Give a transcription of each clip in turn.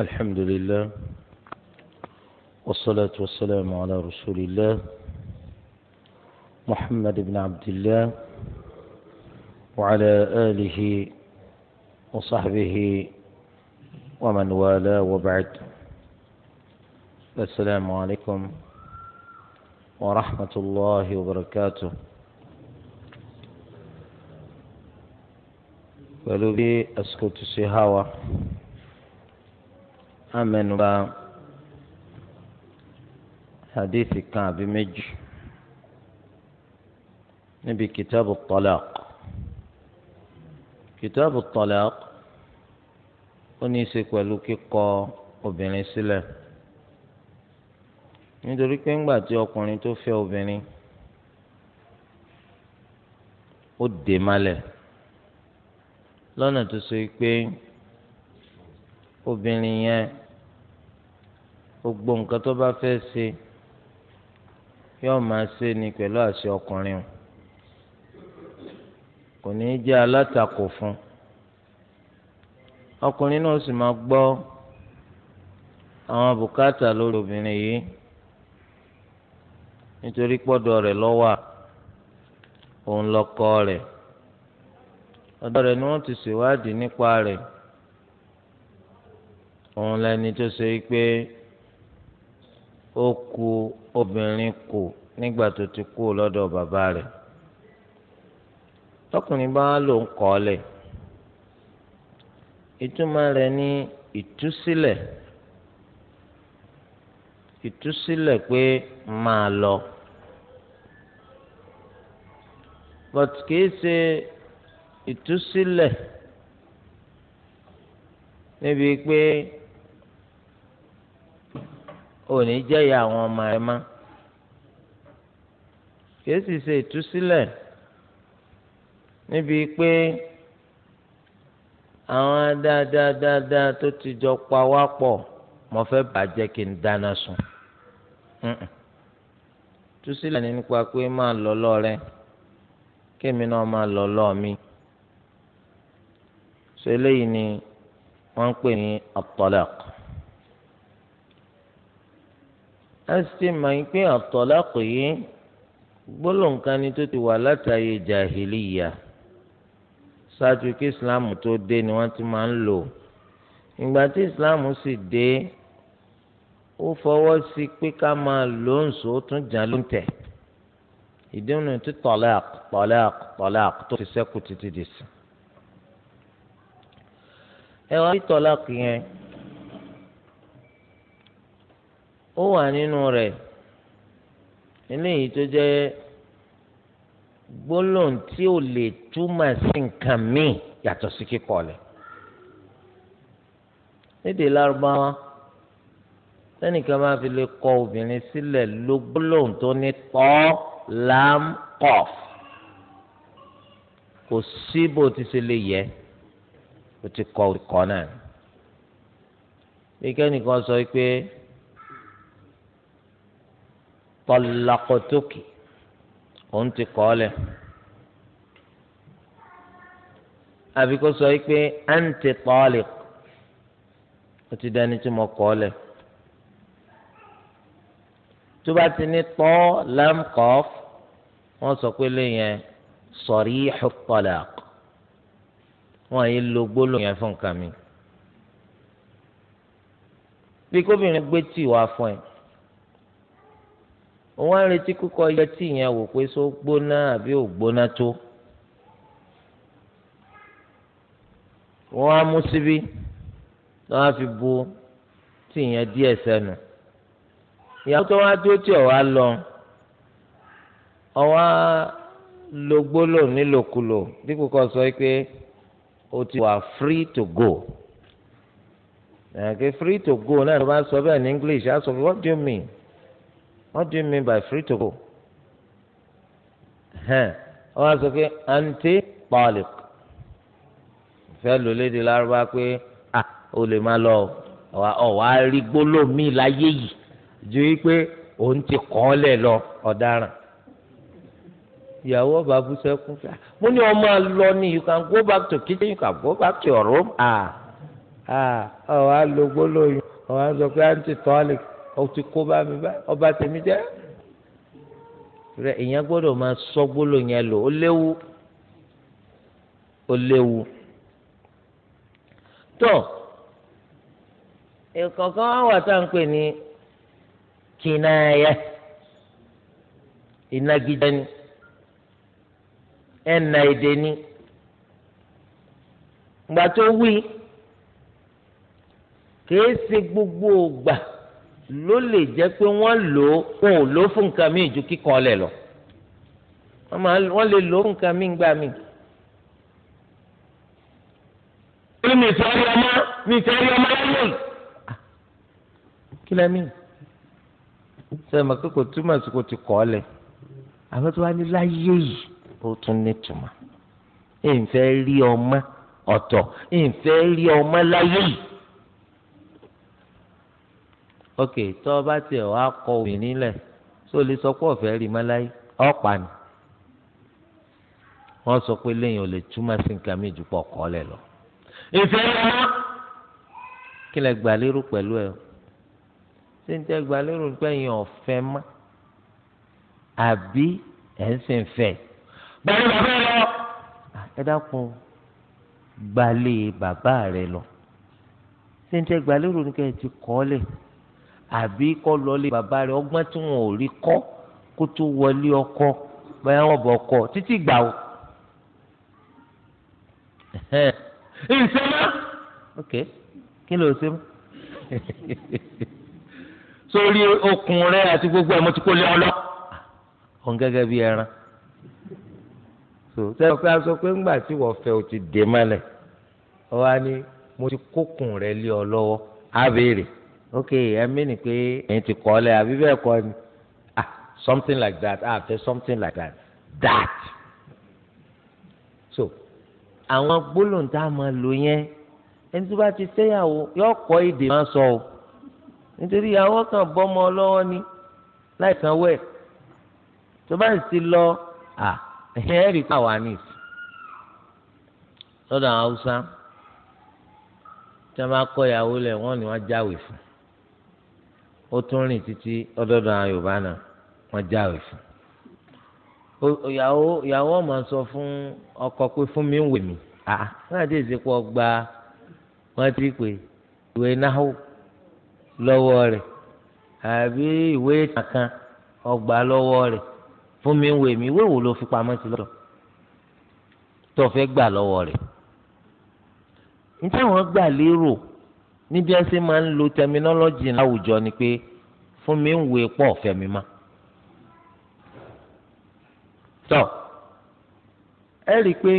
الحمد لله والصلاة والسلام على رسول الله محمد بن عبد الله وعلى آله وصحبه ومن والاه وبعد السلام عليكم ورحمة الله وبركاته ولو بي أسكت tó amẹnuba hadithi kan àbí méjì níbi kìtàbù talaq kìtàbù talaq ó ní í ṣe pẹ̀lú kíkọ obìnrin sílẹ̀ nítorí pé ńgbà tí ọkùnrin tó fẹ́ obìnrin ó dè malẹ̀ lọ́nà tó ṣe pé obìnrin yẹn gbogbo nǹkan tó bá fẹ́ ṣe yóò máa ṣe ni pẹ̀lú àṣẹ ọkùnrin o kò ní í jẹ́ alátakò fún ọkùnrin náà sì máa gbọ́ àwọn bùkátà lórí obìnrin yìí nítorí pọ́dọ̀ rẹ̀ lọ́wọ́ òun lọ́kọ rẹ̀ ọ̀dọ̀ rẹ̀ ni wọ́n ti ṣèwádìí nípa rẹ̀ òun lẹni tó ṣe pé. ó ku obìnrin kù nígbà tó ti kú lọ́dọ̀ bàbá rẹ̀ tọkùnrin bá lò ń kọ́ lẹ̀ ìtumọ̀ rẹ̀ ní ìtúsílẹ̀ ìtúsílẹ̀ pé máa lọ but kìí ṣe ìtúsílẹ̀ níbi pé. ò ní jẹ́yà àwọn ọmọ rẹ mọ́ kìí sì ṣe ìtúsílẹ̀ níbi pé àwọn dáadáadáa tó ti jọ pa wá pọ̀ mo fẹ́ bàjẹ́ kí n dáná sun túsílẹ̀ ní nípa pé máa lọ lọ́rẹ́ kémi náà máa lọ lọ́ mi ṣe eléyìí ni wọ́n ń pè ní at ẹ sì mọ̀ yín pé àtọ̀lákò yìí gbólóǹkan ni tó ti wà látàyè jàhìlìyà ṣáájú kí islam tó dé ni wọ́n ti máa ń lò ìgbà tí islam sì dé ó fọwọ́ sí pé ká máa lò ń sọ ó tún jà ló ń tẹ̀ ìdíwọ̀n tí tọ́lák tọ́lák tọ́lák tó fi sẹ́kù títí dì sí. ẹ wá rí tọ́lák yẹn. ó wà nínú rẹ̀ eléyìí tó jẹ́ gbólóhùn tí ò lè túmọ̀ sí nǹkan míì yàtọ̀ sí kíkọ lẹ̀ nídìí lárúbáwá sẹ́nìkan máa fi lè kọ obìnrin sílẹ̀ ló gbólóhùn tó ní tọ́ láńkọ̀f kò sí bó ti ṣe lè yẹ ó ti kọ ìkọ náà bí kẹ́nìkan sọ pé tọlakọtókì òun ti kọ́ lẹ̀ àbí kó sọ pé àǹtí tọ́lì ó ti dání tí mo kọ́ lẹ̀ tó bá ti ní tọ́ lamkọ́f wọ́n sọ pé lẹ́yìn sọ̀rí ìxùpọ̀lá wọ́n yìí lo gbólóhùn fún nǹkan bí kóbìnrin gbé tì wá fún ẹ òun á retí kókó yẹ tí ìyẹn wò pé só gbóná àbí ò gbóná tó wọ́n á mú síbí wọ́n á fi bu tí ìyẹn díẹ̀ sẹ́nu ìyàwó tó wá dúró tí ọ̀wá lọ ọ̀wá lo gbólò nílòkulò dípò kan sọ pé o ti wà free to go ẹ̀ẹ́dẹ́gbẹ́ free to go náà ló bá sọ bẹ́ẹ̀ ní English á sọ fún what do you mean? what do you mean by free to go ọ wá sọ pé àǹtí pọ́ọ̀lìk fẹ́ lò léde lárúbá pé à ó lè má lọ ọ wá rí gbólómì láyé yìí ju wípé òun ti kọ́ ọ lẹ̀ lọ ọ̀daràn ìyàwó ọba bú sẹ́kún fún mo ní ọmọ lọ ni you can go back to kitchen you can go back to your room ah ah ọ wá lo gbólóyún ọ wá sọ pé àǹtí pọ́ọ̀lìk ó ti kó bá mi bá ọba tèmi jẹ́ rẹ èèyàn gbọ́dọ̀ máa sọ gbólò yẹn lò ó léwu ó léwu tó ìkọ̀kan wà tá à ń pè ní kìnàyà ìnagijẹ ni ẹnà èdè ni gbà tó wí kìí ṣe gbogbo ògbà ló lè jẹ́ pé wọ́n lò ó wọn ò lò ó fún nǹkan míì ju kíkọ́ ọlẹ̀ lọ wọ́n lè lò ó fún nǹkan míì gbà míì. ó ní ìtọ́rí ọmọ ní ìtọ́rí ọmọ lọ́wọ́ kí lẹ́mí sẹ́yìn mọ̀ pé kò túmọ̀ sí kò ti kọ́ ọlẹ̀ àwọn tó wá ní láyé yìí ó tún nítumọ̀ ẹ̀ ń fẹ́ rí ọmọ ọ̀tọ̀ ẹ̀ ń fẹ́ rí ọmọ láyé yìí ok tó o bá tiẹ̀ wá kọ obìnrin lẹ̀ tó o lè sọ pé ọ̀fẹ́ rí mọ́láyé ọ̀pá ni wọ́n sọ pé lẹ́yìn ò lè túmọ̀ sí nǹkan mi jù pọ̀ kọ́ lẹ̀ lọ. ìfẹ́ yẹn kí lẹ gbà lérò pẹ̀lú ẹ o ṣé ń tẹ́ gbà lérò pé ẹ̀yin ọ̀fẹ́ mọ́ àbí ẹ̀ ń sìn fẹ́ bẹ́ẹ̀ lọ bẹ́ẹ̀ lọ. ẹ dákun gbalẹ̀ bàbá rẹ lọ ṣé ń tẹ́ gbà lérò ní ẹ ti kọ́ lẹ̀ àbí kọ́ lọ́lé bàbá rẹ̀ ọgbọ́n tí wọn ò rí kọ́ kó tó wọlé ọkọ bóyá wọn bọ̀ ọkọ títí gbà ó. ìṣẹ́má ok kí ló ṣe mọ́ sórí okùn rẹ àti gbogbo ẹ̀ mo ti kó lé ọ lọ. òun gẹ́gẹ́ bí ẹran so sẹ́wọ́n pé a sọ pé ńgbà tí wọ́n fẹ́ o ti dè mọ́lẹ̀ ọ wá ní mo ti kókùn rẹ lé ọ lọ́wọ́ á béèrè ok ẹ̀mí ni pé ẹ̀yin ti kọ́ lẹ̀ àbí bẹ́ẹ̀ kọ́ ni ah something like that ah fẹ́ something like that that so àwọn gbólóhùn tá a máa lò yẹn ẹni tó bá ti fẹ́yàwó yọ kọ́ èdè máa sọ o nítorí ìyàwó kan bọ́mọ lọ́wọ́ ni láì sanwó ẹ̀ tó bá sì lọ ah ẹ̀hìn ẹ̀rí pa wà ní ìsìn lọ́dọ̀ àwọn haúsá tí wọ́n bá kọ́ ìyàwó lẹ̀ wọ́n ní wọ́n jáwèé fún ó tún rìn títí ọdọọdọ àwọn yorùbá náà wọn jáwèé fún ìyàwó ìyàwó ọmọ sọ fún ọkọ pé fún mi ń wè mí à wọn àti ìsìnkú ọgbà wọn ti pè ìwé náà lọ́wọ́ rẹ̀ àbí ìwé kankan ọgbà lọwọ rẹ fún mi ń wè mí ìwé wo ló fi pamọ́ sí lọ́dọ̀ tó fẹ́ gbà lọ́wọ́ rẹ̀ níta wọn gbà lérò níbi ẹ ṣe máa ń lo tẹminọ́lọ́jì láwùjọ ni pé fún mi ń wo epo ọ̀fẹ́ mi má. tọ́ ẹ rí i pé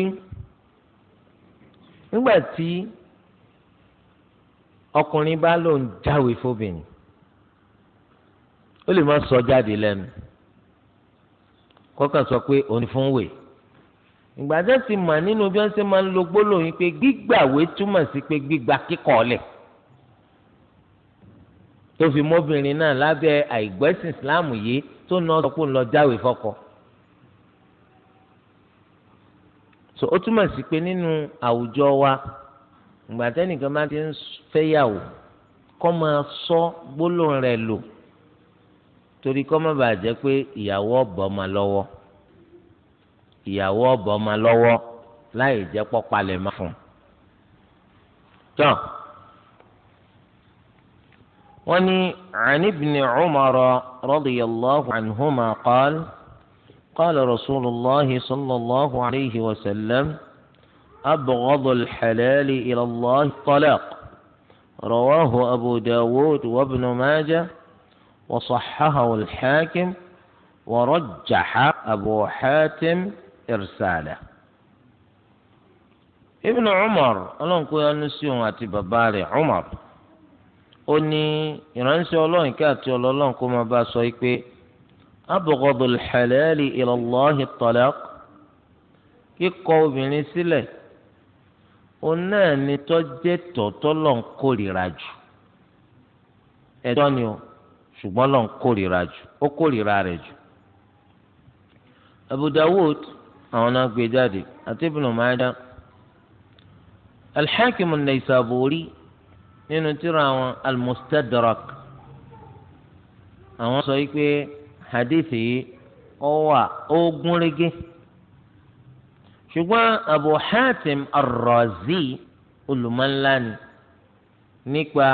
nígbà tí ọkùnrin bá lòun jáwé fóbìnrin ó lè má sọ jáde lẹ́nu kọ́kàn sọ pé òun fún wèé ìgbàdé ti mà nínú bí wọ́n ṣe máa ń lo gbólóhùn pé gbígbàwé túmọ̀ sí pé gbígba kíkọ́ lẹ̀ tó fi mọ́bìnrin náà lábẹ́ àìgbẹ́sìn islam yìí tó ná sọ pé ń lọ jáwèé fọ́kọ. so ó túmọ̀ sí pé nínú àwùjọ wa ìgbà tẹ́nìkan máa ti ń fẹ́yàwó kọ́ máa sọ gbólóhùn rẹ̀ lò torí kọ́ má bàa jẹ́ pé ìyàwó ọ̀bọ̀ máa lọ́wọ́ ìyàwó ọ̀bọ̀ máa lọ́wọ́ láì jẹ́ pọ́palẹ̀ máa fún un. وني عن ابن عمر رضي الله عنهما قال قال رسول الله صلى الله عليه وسلم أبغض الحلال إلى الله الطلاق رواه أبو داود وابن ماجة وصححه الحاكم ورجح أبو حاتم إرساله ابن عمر ألون كويا أن عمر ó ní ìránṣẹ́ ọlọ́run kí àti ọlọ́run kó máa bá a sọ pé abghadul halali ila Allahi talaq kíkọ obìnrin sílẹ̀ ó náà ní tọ́jẹ́ tọ̀tọ́ lọ́n kórìíra jù ẹ̀tọ́ ni o ṣùgbọ́n lọ́n kórìíra jù ó kórìíra rẹ̀ jù. Abu Dawud àwọn náà gbé jáde àti Ibn Majah Al-Hakim an-Naysaburi nínú tírà àwọn al-mustadrak àwọn sọ yìí pé hadithi yìí ó wà ó gúnrégé ṣùgbọ́n abu hatim ar-razi olùmọ̀ńlá ni nípa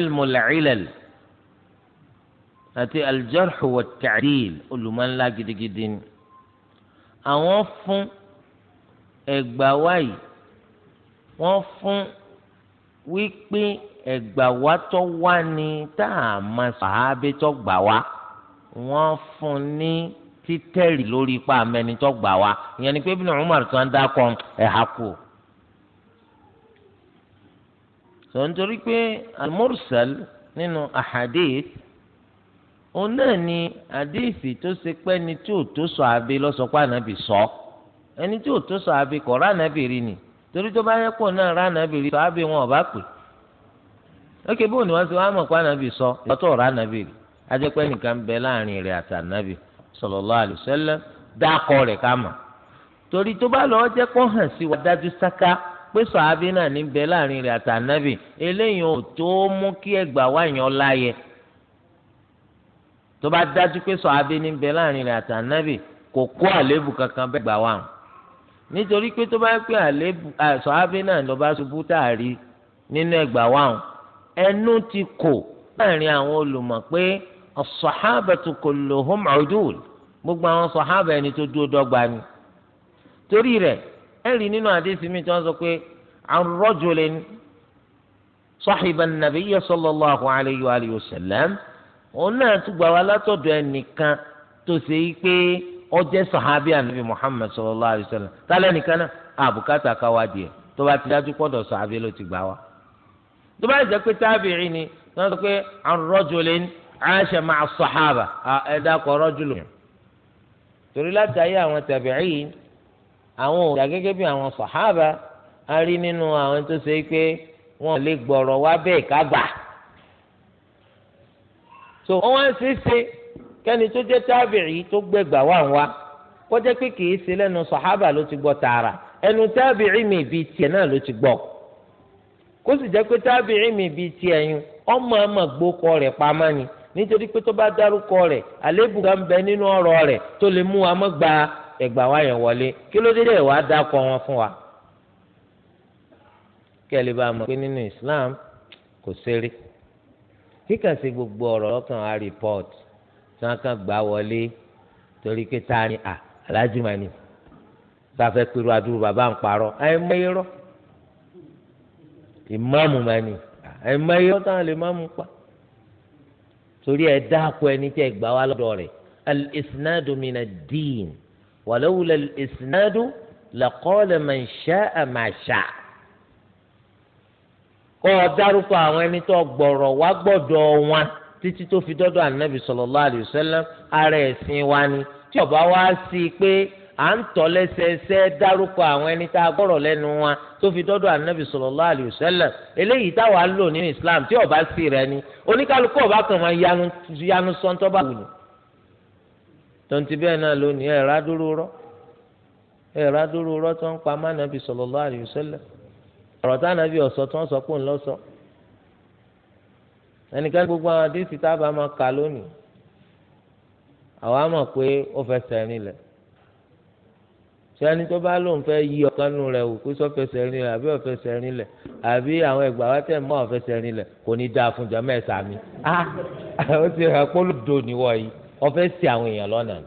ilmul ilal àti aljarhu wa ta'dil gidigidi ni àwọn fún ẹgbàá wáyé wọ́n fún wípé ẹ̀gbà wa tó wá ni tá a máa sàábé tó gbà wá wọ́n fún ní títẹ̀rì lórí ipa amẹni tó gbà wá ìyẹn ni pé Ibn Umar tó ń dákọ̀ ẹ̀ha kù. sọ nítorí pé al-mursal nínú ahadith òun náà ni àdéhìsì tó ṣe pé ẹni tí ò tó sọ àbí lọ́sọ̀pá ànábì sọ ẹni tí ò tó sọ àbí kọ̀ọ̀rọ̀ ànábì rí ni. torí tó bá yẹ kó náà rà nàbì rí sọ́ábì wọn ọba pè ókè bó ni wọ́n ti wá mọ̀ pé ànàbì sọ ìyọ́tọ̀ rà nàbì rí ajẹ́pẹ́ nìkan bẹ láàrin rẹ̀ àti ànàbì sallallahu alaihi dákọ̀ rẹ̀ ká mọ̀ torí tó bá lọ́ọ́ jẹ́ hàn sí wa dájú sáká pé sọ́ábì ní bẹ láàrin rẹ̀ àti ànàbì eléyìí mú kí nítorí pé tó bá pé àlébù àṣọábí náà lọ bá ṣubú táàrí nínú ẹgbà wàhùn ẹnu ti kò láàrin àwọn olùmọ̀ pé as-sahabatu kulluhum udul gbogbo àwọn sọ̀hábà ẹni tó dúró dọ́gba ni torí rẹ̀ ẹ̀rí nínú àdéhùn mi tí wọ́n sọ pé an rajulin sahiba an-nabiyya sallallahu alayhi wa sallam òun náà tún gbà wá látọ̀dọ̀ ẹnìkan tó ṣe é pé ọjẹ́ sàhábí ànábì muhammed sallallahu alaihi wasallam tálẹ̀ nìkan náà àbùkátà káwádìí ẹ̀ tó bá ti dájú pọ̀dọ̀ sàhábí ló ti gbà wá. tó bá jẹ́ pé tábìrì ni wọ́n sọ pé an rajulin aasha ma'a sahaba ẹ̀ dákọ̀ rọ́jòlè. torí láti ayé àwọn tábìrì àwọn òòyà gẹ́gẹ́ bí àwọn sàhábà a rí nínú àwọn tó ṣe pé wọ́n lè gbọ̀rọ̀ wá bẹ́ẹ̀ ká gbà. so wọ́n wá ń ṣe é ṣe kẹ́ni tó jẹ́ tábìrì tó gbẹ̀gbà wà wá kó jẹ́ pé kìí ṣe lẹ́nu sọ̀hábà ló ti gbọ́ tààrà ẹnu tábìrì mi bi tiẹ̀ náà ló ti gbọ́ kó sì jẹ́ pé tábìrì mi bi tiẹ̀ ọmọ ọmọ gbókọ rẹ̀ pamọ́ ni nítorí pé tó bá dárúkọ rẹ̀ àlébù bẹ nínú ọ̀rọ̀ rẹ̀ tó lè mú wa mọ́ wa yẹn wọlé kí ló wa. bá mọ̀ pé nínú kò kíkà sí gbogbo tí wọ́n kàn gbà wọlé torí pé ta ni à alájùmọ̀ ni sáfẹ́ pẹ̀lú adúrú bàbá ń parọ́ ẹ̀ mọ irọ́ ìmáàmù mà ni ẹ̀ mọ irọ́ táwọn lè máàmù pa torí ẹ̀ dáko ẹni tí ẹ̀ gbà wá lọ́dọ̀ rẹ̀ al-isnadu min ad-din al-isnadu laqala man sha'a kọ́ ọ dárúkọ àwọn ẹni tó gbọ̀rọ̀ wá gbọ́dọ̀ wọn títí tó fi dọ́dọ̀ ànábì sallallahu alayhi wa sallam ara ẹ̀sìn wa ni tí ó bá wá sí i pé à ń tọ́ lẹ́sẹẹsẹ dárúkọ àwọn ẹni tá a gbọ́rọ̀ lẹ́nu wa tó fi dọ́dọ̀ ànábì sallallahu alayhi wa sallam eléyìí táwa lò nínú Islam tí ó bá sí rẹ ni oníkálukú ó bá máa yanu yanu sọ́ńtọ́ bá wù ní. tonti bẹ́ẹ̀ náà lónìí ẹ̀rá dúró rọ́ ẹ̀rá dúró rọ́ tó ń pa mánàbì sallallahu alayhi wa sallam ọ̀rọ̀ tánàbì ọ̀sọ̀ tó ń ẹnìkan gbogbo àwọn àdéhùn tá a bá máa kà lónìí àwa mọ̀ pé ó fẹsẹ̀ rinlẹ̀ sani tó bá lóun fẹ́ yí ọ̀kan nù rẹ̀ wò kó sọ́fẹsẹ̀ rinlẹ̀ àbí ọ̀fẹsẹ̀ rinlẹ̀ àbí àwọn ẹgbà wa tẹ̀ mọ́ ọ̀fẹsẹ̀ rinlẹ̀ kò ní dáa fún jọmọ́ ẹ̀sà mi ah, ó ti rẹ̀ pólódò níwọ̀ yìí ọ̀fẹ́ sí àwọn èèyàn lọ́nà ni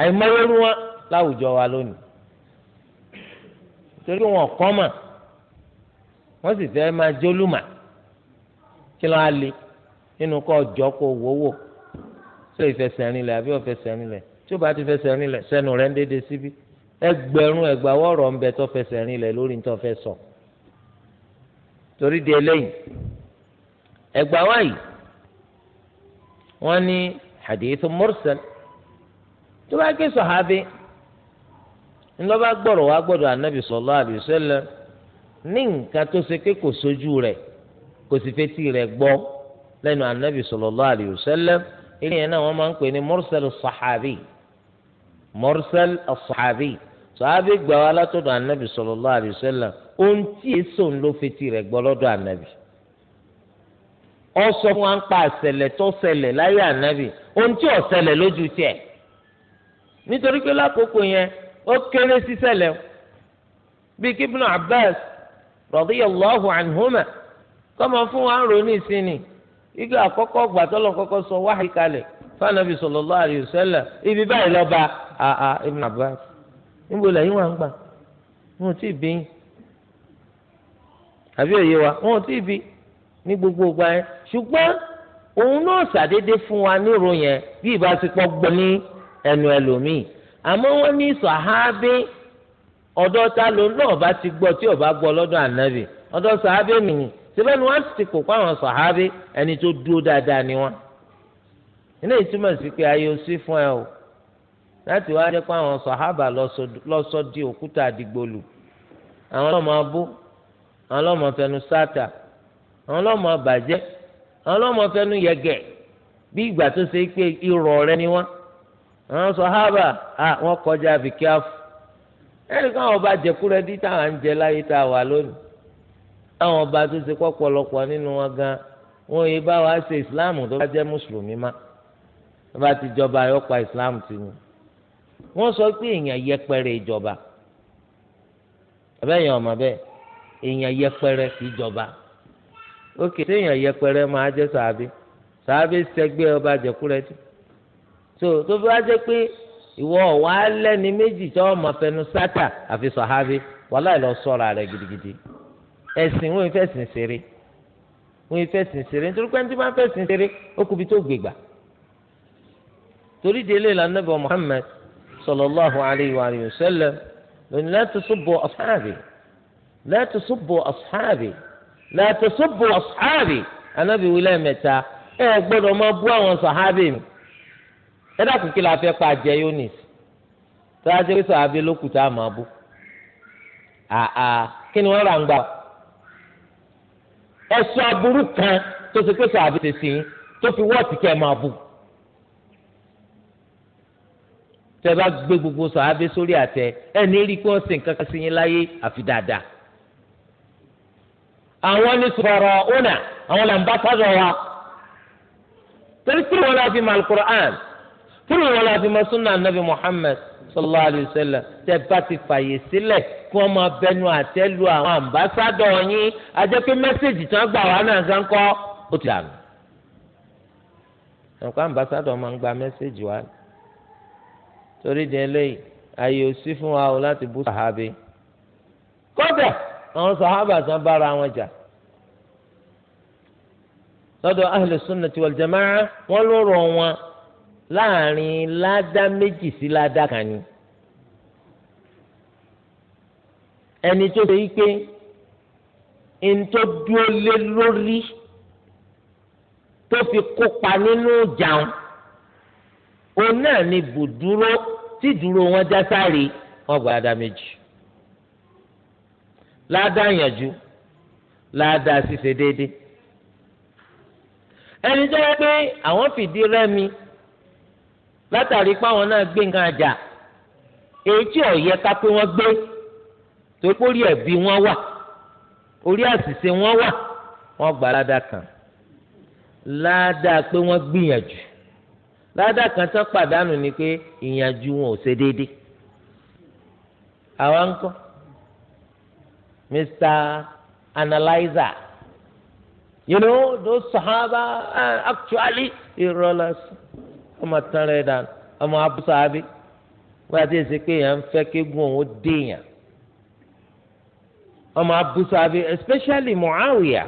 àìmọ́lẹ́rú wọn láwùjọ wa lónìí torí wọn kọ́ mà wọ́n sì fẹ́ máa jólúmà kí ló á le nínú ọjọ́ kó wò wò ṣé lẹ̀ àbí lẹ̀ tí bá ti lẹ̀ sẹ́nu rẹ̀ ń dédé síbí ẹgbẹ̀rún ń bẹ tó lẹ̀ lórí tó fẹ́ sọ torí di eléyìí wọ́n ní hadith mursal tó bá ké sọ̀hábí ńlọ́ba wá gbọ́dọ̀ ní nǹkan kò sì fetí rẹ̀ gbọ́ lẹ́nu anabi sallallahu alayhi wa sallam ilé yẹn náà wọ́n máa ń pè ní mursal sahabi mursal sahabi sahabi gbà wá látọ̀dọ̀ anabi sallallahu alayhi wa sallam ohun tí èso ń lo fetí rẹ̀ gbọ́ lọ́dọ̀ anabi ó sọ fún wa ń pa àṣẹlẹ̀ tó ṣẹlẹ̀ láyé anabi ohun tí ò lójú tiẹ̀ nítorí pé lákòókò yẹn ó kéré sí ṣẹlẹ̀ bí kíbùnú Abbas radiyallahu anhuma kọ́mọ fún wa ń ronú ìsinmi igi àkọ́kọ́ gbà tọ́lọ̀ kọ́kọ́ sọ wáhì kalẹ̀ fanabi sallallahu alaihi wasallam ibi báyìí lọ́ba àà Ibn Abbas níbo lẹ́yìn wà ń gbà wọn ò tí ì bí yín àbí òye wa wọn ò tí ì bí ní gbogbo ìgbà yẹn ṣùgbọ́n òun náà ṣàdédé fún wa nírò yẹn bí ìbáṣepọ̀ gbọ́ ní ẹnu ẹlòmíì àmọ́ wọ́n ní sàhábé ọ̀dọ́ ló náà bá ti gbọ́ tí ò bá gbọ́ lọ́dọ̀ ànábì ọ̀dọ̀ sàhábé nìyí síbẹ̀ ni wọ́n ti kó pa àwọn sàhábì ẹni tó dúró dáadáa ni wọ́n ilé ìtumọ̀ sí pé ayé o sí fún ẹ o láti wá jẹ́ pé àwọn sàhábà lọ́sọ di òkúta àdìgbòlù àwọn ọlọ́mọ abó àwọn ọlọ́mọ fẹnu sáàtà àwọn ọlọ́mọ bàjẹ́ àwọn ọlọ́mọ fẹnu yẹgẹ̀ bí ìgbà tó ṣe pé irọ́ rẹ ni wọ́n àwọn sàhábà wọ́n kọjá àbíkíáfù ẹnì kan ọba jẹkúrẹ́dí táwọn ń jẹ láyé tá a wà lónìí táwọn ọba tó ṣe pọ̀pọ̀lọpọ̀ nínú wọn gan wọn yìí bá wàá ṣe islam tó bá jẹ́ mùsùlùmí má tó bá ti jọba yọ pa islam ti ni wọ́n sọ pé èèyàn yẹpẹrẹ ìjọba àbẹ́yẹn ọ̀mọ̀ bẹ́ẹ̀ èèyàn yẹpẹrẹ kì í jọba ókè téèyàn yẹpẹrẹ máa jẹ́ sàábé sàábé sẹgbẹ́ ọba jẹkúrẹ́tì tó tó bá jẹ́ pé ìwọ ọ̀wá lẹ́ni méjì tí wọ́n máa fẹnu sátà àfi sàábé wàhálà ìlọsọ̀rọ̀ rẹ̀ gidigidi ẹ̀sìn wọn fẹ́ sìn ṣeré wọn fẹ́ sìn ṣeré nítorí pé ẹni bá fẹ́ sìn ṣeré ó kúbi tó gbégbà torí délé ìlànà bọ̀ Muhammad sallallahu alayhi wa sallam lónìí la tasubbu ashabi la tasubbu ashabi la tasubbu ashabi anábì wílẹ̀ mẹ́ta ẹ gbọ́dọ̀ máa bú àwọn sàhábì mi ẹ dákun kí la fẹ́ pa jẹ yónìs tó a jẹ́ pé sàhábì lókùtà máa bú àà kí ni wọ́n rà ń gbà ẹsọ aburú kan tó ti pèsè àbẹ̀tẹ̀sẹ̀ tó fi wọ́ọ̀tì kẹ́ ẹ máa bù. tẹ bá gbé gbogbo sàábé sórí àtẹ ẹ ní rí kí wọn sì ń kankan sí yín láyé àfi dáadáa. àwọn ní sọ̀rọ̀ ọ̀nà àwọn là ń bá sọ̀rọ̀ wa. torí kúrò wọn láti mọ alukur'an kúrò wọn láti mọ sunna anabi muhammed sallallahu alaihi wasallam tẹ bá ti fàyè sílẹ̀ kí wọ́n máa bẹnu àtẹ́ lu àwọn àmbásádọ̀ yín a pé tí gbà wá náà gan ó gba wá torí di eléyìí ò sí fún wa o láti bú sàhábì. àwọn sàhábà bára láàrin ládá méjì sí ládá kan ni ẹni tó ṣe pé ẹni tó dúró lé lórí tó fi kópa nínú jàun òun náà ni bùdúró tí dúró wọn já sáré wọn gba ládá méjì ládá yànjú ládá ṣíṣe déédéé ẹni tó yẹ pé àwọn fìdí rẹmi látàrí páwọn náà gbé nǹkan àjà èyí tí ọ̀yẹ ká pé wọ́n gbé torí pé orí ẹ̀bi wọn wà orí àṣìṣe wọn wà wọ́n gbà ládàá kan ládàá pé wọ́n gbìyànjú ládàá kan tán pàdánù ni pé ìyànjú wọn ò ṣe déédéé àwa ń kọ́ Mr. Analyzer you know those Sahaba uh, actually ìrọ̀lá sùn ọmọ tán rẹ̀ dànù ọmọ abúsọ abí wọ́n yà tẹ̀sí pé èèyàn ń fẹ́ kégun òun déèyàn ọmọ abúsọ abí especially Muawiya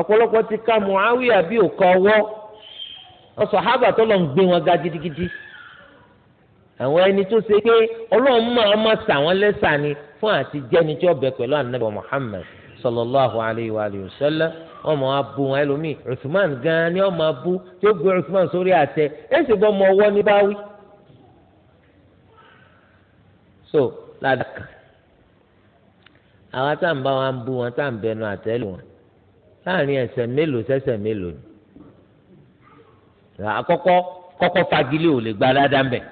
ọ̀pọ̀lọpọ̀ ti ka Muawiya bí òkà ọwọ́ wọ́n sọ hábà tó lọ́n gbé wọn ga gidigidi àwọn ẹni tó ṣe pé ọlọ́run máa ma sà lẹ́sà ni fún àti jẹ́ni tí ó bẹ̀ pẹ̀lú ànábì Muhammad sallallahu alayhi wa sallam wọ́n máa bú wọn ẹlòmíì Uthman gan ni wọ́n máa bú tí ó gbé Uthman sórí àtẹ ẹ sì bọ́ ọmọ ọwọ́ ní báwí. so ládàkà àwa tá à ń bá wọn bú wọn tá à ń bẹnu àtẹ́lù wọn láàrin ẹsẹ̀ mélòó sẹ́sẹ̀ mélòó ni àkọ́kọ́ kọ́kọ́ fagilé ò lè gba dáadáa ń bẹ̀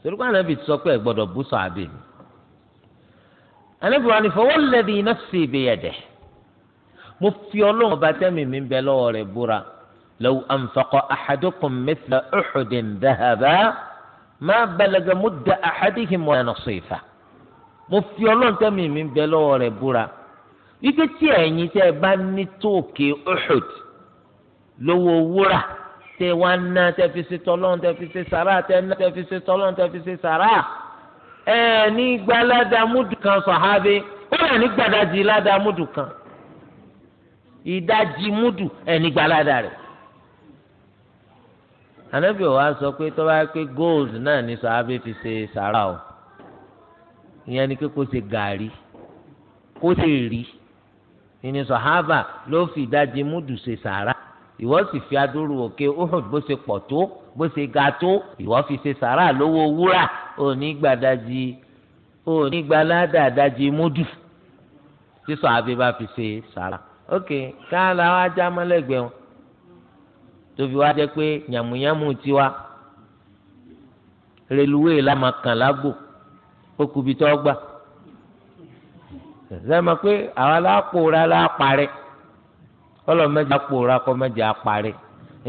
torí pé ànábì sọ pé ẹ gbọ́dọ̀ bú sọ àbẹ̀ mi ànábì wa ni fawalladhi nafsi biyadihi mo fi ọlọ́run ọba tẹ́mi mi bẹ lọ́wọ́ rẹ̀ búra law anfaqa ahadukum mithla uhudin dhahaba ma balaga mudda ahadihim wala nasifa mo fi ọlọ́run tẹ́mi mi bẹ lọ́wọ́ rẹ̀ búra wípé tí ẹ̀yin tẹ́ ẹ bá ní tóòkè Uhud lówó wúrà tẹ́ wá ná tẹ́ fi ṣe tọ́lọ́run tẹ́ fi ṣe sàrà tẹ́ ná tẹ́ fi ṣe tọ́lọ́run tẹ́ fi ṣe sàrà ẹ ní gba ládàmúdù kan sọ̀hábẹ́ ó rẹ̀ ní gbàdájì ládàmúdù kan ìdajì múdù ẹ̀ ní gba ládàá rẹ̀. ànábì wa sọ pé tó bá pé gold náà ní sọ̀hábẹ́ fi ṣe sàrà o ìyẹn ni pé kó ṣe gàrí kó ṣe rí ìní sọ̀hábà ló fi ìdajì múdù ṣe sàrà ìwọ sì fi adúrú òkè ó hàn bó ṣe pọ̀ tó bó ṣe ga tó ìwọ fi ṣe sàrà lówó wúrà òní gbàdájì òní gbàládàdájì múdù sísọ àbí bá fi ṣe sàrà ok káàlà wa já mọ́lẹ́gbẹ̀ẹ́ wọn tóbi wá jẹ́ pé yàmùyàmù tiwa reluwee la máa kàn lágbo ó kubi tó gbà sẹ́mi pé àwa la pòórá la parẹ́ ọlọ́mọdé apòórá kọ́ mọ́jà parẹ́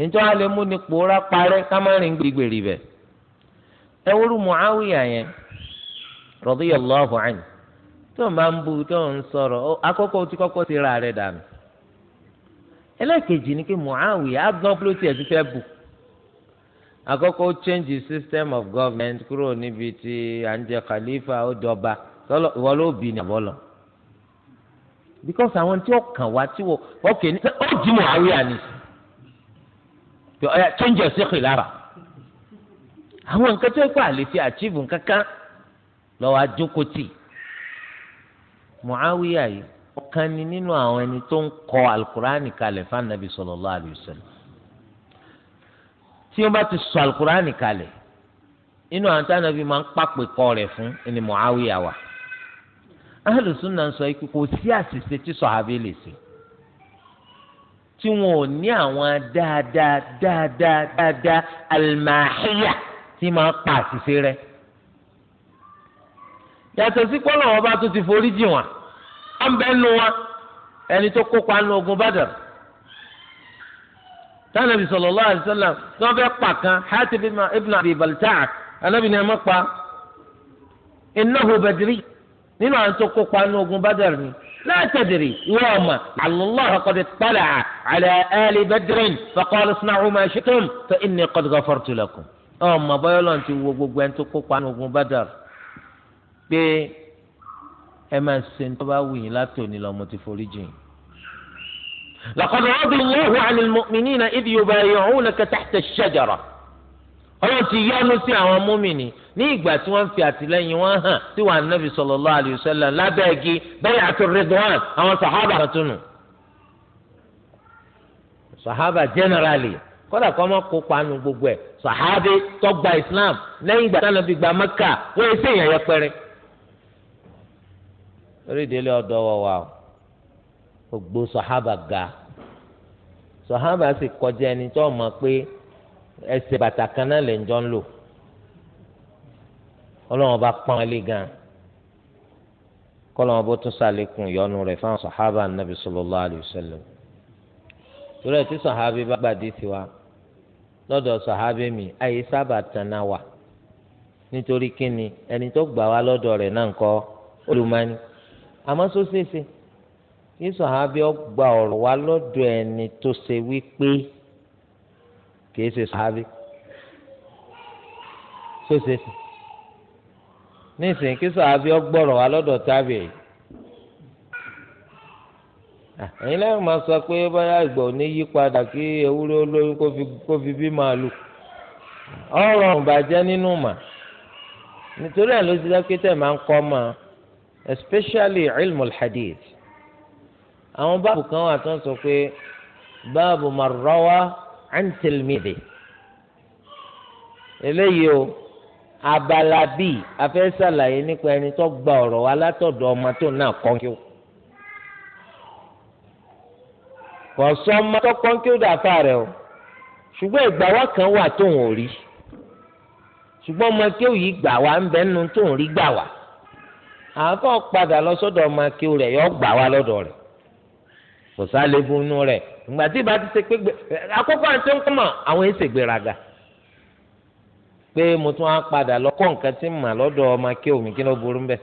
njọ́ a lè mú ni kpòórá parẹ́ kámárìn gbèrègbèrè bẹ̀. ẹ wúru Muawiya yẹn radiyallahu anhu tó ń bá ń bu tó ń sọ̀rọ̀ akọ́kọ́ tí kọ́kọ́ ti ra rẹ̀ dànù. ẹlẹ́kejì ni pé Muawiya á gbọ́n pé ó tiẹ̀ ti fẹ́ bù. akọ́kọ́ change the system of government kúrò níbi tí à khalifa ó dọba ìwọ ló bì ní àbọ̀lọ̀ because àwọn tí ó kàn wá tí wọ́n kè ní sẹ́ ó Muawiya nìyí pé ọ̀yà change your sikhi lára àwọn nǹkan tó ń pa àlè fi achieve nǹkan kan lọ́wọ́ adókòtì Muawiya yìí ọ̀kan ni nínú àwọn ẹni tó ń kọ alukurani kalẹ̀ fanabi sallallahu alaihi tí wọ́n bá ti sọ alukurani kalẹ̀ nínú àwọn tánabi máa ń pàpè kọ rẹ̀ fún ẹni Muawiya wà ahlu sọ ikú kò sí àṣìṣe tí sọ̀hábí lè ṣe tí wọn ò ní àwọn dáadáa dáadáa dáadáa alimahiya tí máa pa àṣìṣe rẹ yàtọ̀ sí pọ́lọ̀ wọn bá tún ti forí jì wọn wọn bẹ nu wọn ẹni tó kópa nu ogun Badr tánàbì sallallahu alaihi wasallam tí wọn fẹ́ pa kan Hatib ibn Abi Balta'a anábì ni ẹ má pa innahu badri nínú àwọn tó kópa nu ogun Badr ni látàdìrì ìwọ ọmọ àlùlọ́hà kọ́dé tọ́lá àlẹ́ ẹ̀ẹ́lì bẹ́dìrín fọkọ́lù sinahu máa ṣíkìm tó ìní kọ́dùkọ́ fọ́rọ̀tùlẹ̀kùn. ọmọ bọ́yọ̀lọ́ ti wo gbogbo ẹni tó kópa ní ogun bàdàr pé ẹ máa ṣe ní tó bá wù yín látòní lọ mo ti forí jìn. lọ́kọ̀dọ̀ rọ́bì lóhùn àlùmọ́mìnira ìdí yorùbá yòówù lẹ́kẹ̀ tàxtẹ̀ ṣẹ́jọ̀rọ̀ ọlọ́run ti yọ́nú sí àwọn múmìnì ní ìgbà tí wọ́n ń fi àtìlẹ́yìn wọn hàn tí wọ́n ànábì sallallahu alaihi wasallam lábẹ́ igi bẹ́ẹ̀ àti Ridwan àwọn sàhábà kan tún nù. sàhábà generally kódà kó má kó panu gbogbo ẹ̀ sàhábì tó gba Islam lẹ́yìn ìgbà tánàbì gba Mẹ́kà wọ́n ṣe èèyàn yẹpẹrẹ. orí ìdílé ọ̀dọ́ wọ wa gbogbo sàhábà ga sàhábà sì kọjá ẹni tó mọ̀ pé ẹsẹ̀ bàtà kan náà lè ń jọ ń lò ọlọ́run bá pọ́n ẹlẹ́ gan kọ́lọ́run bó tún sàlékún ìyọ́nú rẹ̀ fáwọn sàhábà nàbì sallallahu alaihi wasallam torí ẹ̀ tí sàhábì bá gbàdí tiwa lọ́dọ̀ sàhábì mi àyè sábà tanná wà nítorí kíni ẹni tó gbà wá lọ́dọ̀ rẹ̀ náà ń kọ́ olùmọ́ni àmọ́ sóṣèṣe kí sàhábì ó gba ọ̀rọ̀ wá lọ́dọ̀ ẹni tó ṣe wípé kìí ṣe sàábì sóṣe nísìnyí kí sàábì ọgbọ́rọ̀ wa lọ́dọ̀ tábìlì ah, ẹ̀yin lẹ́yìn máa sọ pé báyà ìgbà ò ní yí padà kí ewúrẹ́ olóyún kó fi bí màálù ọ̀rọ̀ ìbàjẹ́ nínú mà nítorí ẹ̀ ló ti dá tẹ̀ máa ń kọ́ mà especially ilmul hadith àwọn báàbù kan wà tó ń sọ pé báàbù màrúwá. عن تلميذه eléyìí o abala bíi afẹ́sàlàyé nípa ẹni tó gba ọ̀rọ̀ wa látọ̀dọ̀ ọmọ tó náà kọ́ńkí o kò sọ ọmọ tó kọ́ńkí dàfà rẹ o ṣùgbọ́n ìgbà wa kan wà tóun ò rí ṣùgbọ́n ọmọ akéwù yìí gbà wá ń bẹ́ nu tóun rí gbà wá àáfọ̀ padà lọ sọ́dọ̀ ọmọ akéwù rẹ̀ yọ gbà wá lọ́dọ̀ rẹ̀ kò sálẹ̀ fún inú rẹ̀ ìgbà tí ìbá ti ṣe pé àkọ́kọ́ àti ń kọ́mọ̀ àwọn èsè gbéraga pé mo tún á padà lọ kọ́ nǹkan tí mà lọ́dọ̀ ọmọ kí omi kí ló burú bẹ́ẹ̀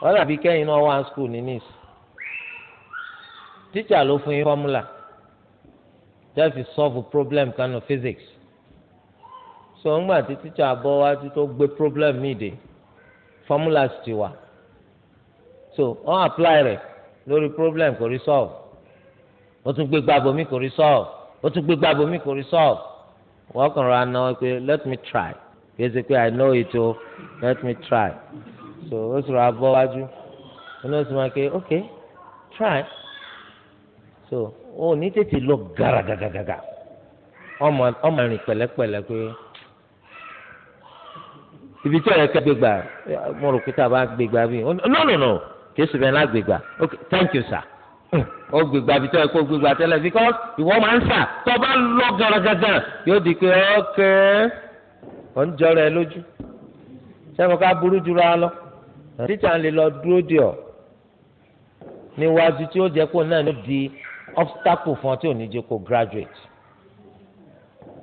wọ́n dàbí kẹ́yìn náà wá skul ní nìs tíṣà ló fún yín fọ́múlà jẹ́ fi sọ́ọ̀fù problem kan nù physics so ńgbà tí tíṣà bọ́ wá tí tó gbé problem mi dé fọ́múlà sì ti wà so wọ́n apply rẹ̀ lórí problem kò rí solve ó tún gbégbá bomi kò rí sọ́ọ̀ ó tún gbégbá bomi kò rí sọ́ọ̀ wọ́n kàn ra náà pé let me try kì í ṣe pé i know it o let me try so ó sọ̀rọ̀ abọ́ wájú inú oṣù máa ké ok try so ó ní tètè lọ gàràgàgàgà ọmọ ọmọ rìn pẹ̀lẹ́pẹ̀lẹ́ pé ibi tí ọ̀rẹ́ kẹ́ gbégbá mo rò pé tá a bá gbégbá bí no no no kì í ṣe bẹ́ẹ̀ lágbègbà ok thank you sir o hmm. gbégbá bí tọ́ ẹ kó gbégbá tẹ́lẹ̀ because ìwọ máa ń sà tó bá lọ gàràgàrà yóò di pé ọ̀kẹ́ ọ̀ ń jọra ẹ lójú sẹ́mi ká burú jura lọ títà lè lọ dúró di ọ níwájú tí ó jẹ́ kó náà ló di obstacle fún ọ tí ò ní jẹ́ kó graduate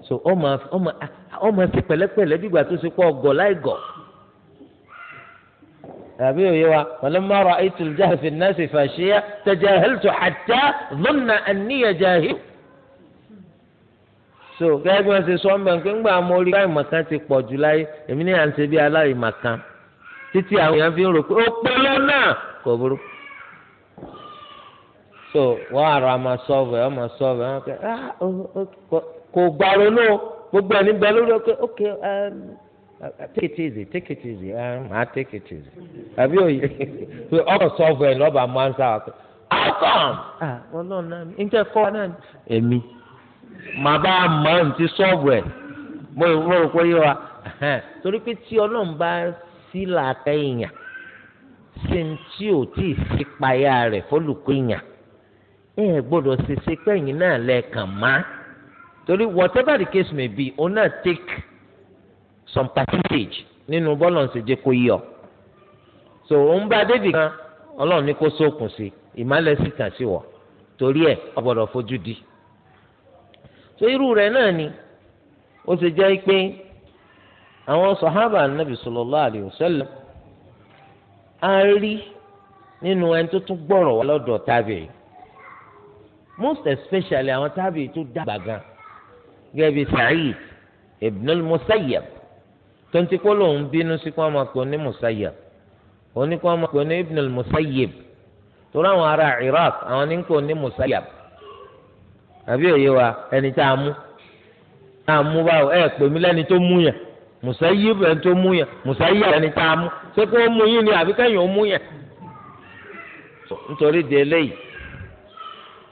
so ó máa ó máa ó máa ṣe pẹ̀lẹ́pẹ̀lẹ́ bí ìgbà tó ṣe pọ̀ ọgọ̀ láì gọ̀ọ́ àbí òye oh, wa walamma ra'aytul jahla fi an-nasi fahshiya tajahaltu hatta dhanna anni jahil. so gẹ́gẹ́ bí wọ́n ṣe sọ ọ́nbẹ̀ pé ńgbà mo rí báyìí màkàn ti pọ̀ jù láyé èmi ní à ń ṣe bí títí àwọn èèyàn fi ń rò pé ó pẹ́ lọ́nà kò burú so wọn àrò àmà sọvẹ ọmọ sọvẹ wọn kẹ kò Uh, take it easy take it easy ah take it easy àbí òye so ọkọ sọfọ ẹ lọba ah náà njẹ kọ náà èmi màá bá a mọ ohun sọfọ ẹ mo yé wa torí pé tí bá sí tí ò tí ì payá ẹ ṣe ṣe pẹ́yìn náà lẹ́ẹ̀kan má torí whatever the case may be náà take some percentage nínú bọ́ọ̀lù ọ̀hún ṣe jẹ́ kó yí ọ. so òun bá débì kan ọlọ́run ní kó sókun sí ìmálẹ̀ sì tàn sí wọ̀ torí ẹ̀ ọ̀gbọ́dọ̀ fojú di. so irú rẹ̀ náà ni ó ṣe jẹ́ pé àwọn sọ̀hábà nàbì sallallahu alaihi wasallam á rí nínú ẹni tó tún gbọ́rọ̀ wá lọ́dọ̀ tábìlì most especially àwọn tábìlì tó dàgbà gan gẹ́gẹ́ bí Sa'id ibn al-Musayyab tonti kó lòun bínú sí kó ọmọ pé ní musayab òní kó ọmọ pé ní ibn al-musayyib torí àwọn ará iraq àwọn ní kó ní musayab àbí òye wa ẹni tá a mú tá a mú báwo ẹ pè mí lẹ́ni tó mú yẹn musayyib ẹni tó mú yẹn musayab ẹni tá a mú ṣé kó mú yín ni àbí kẹ́yìn ó mú yẹn nítorí de eléyìí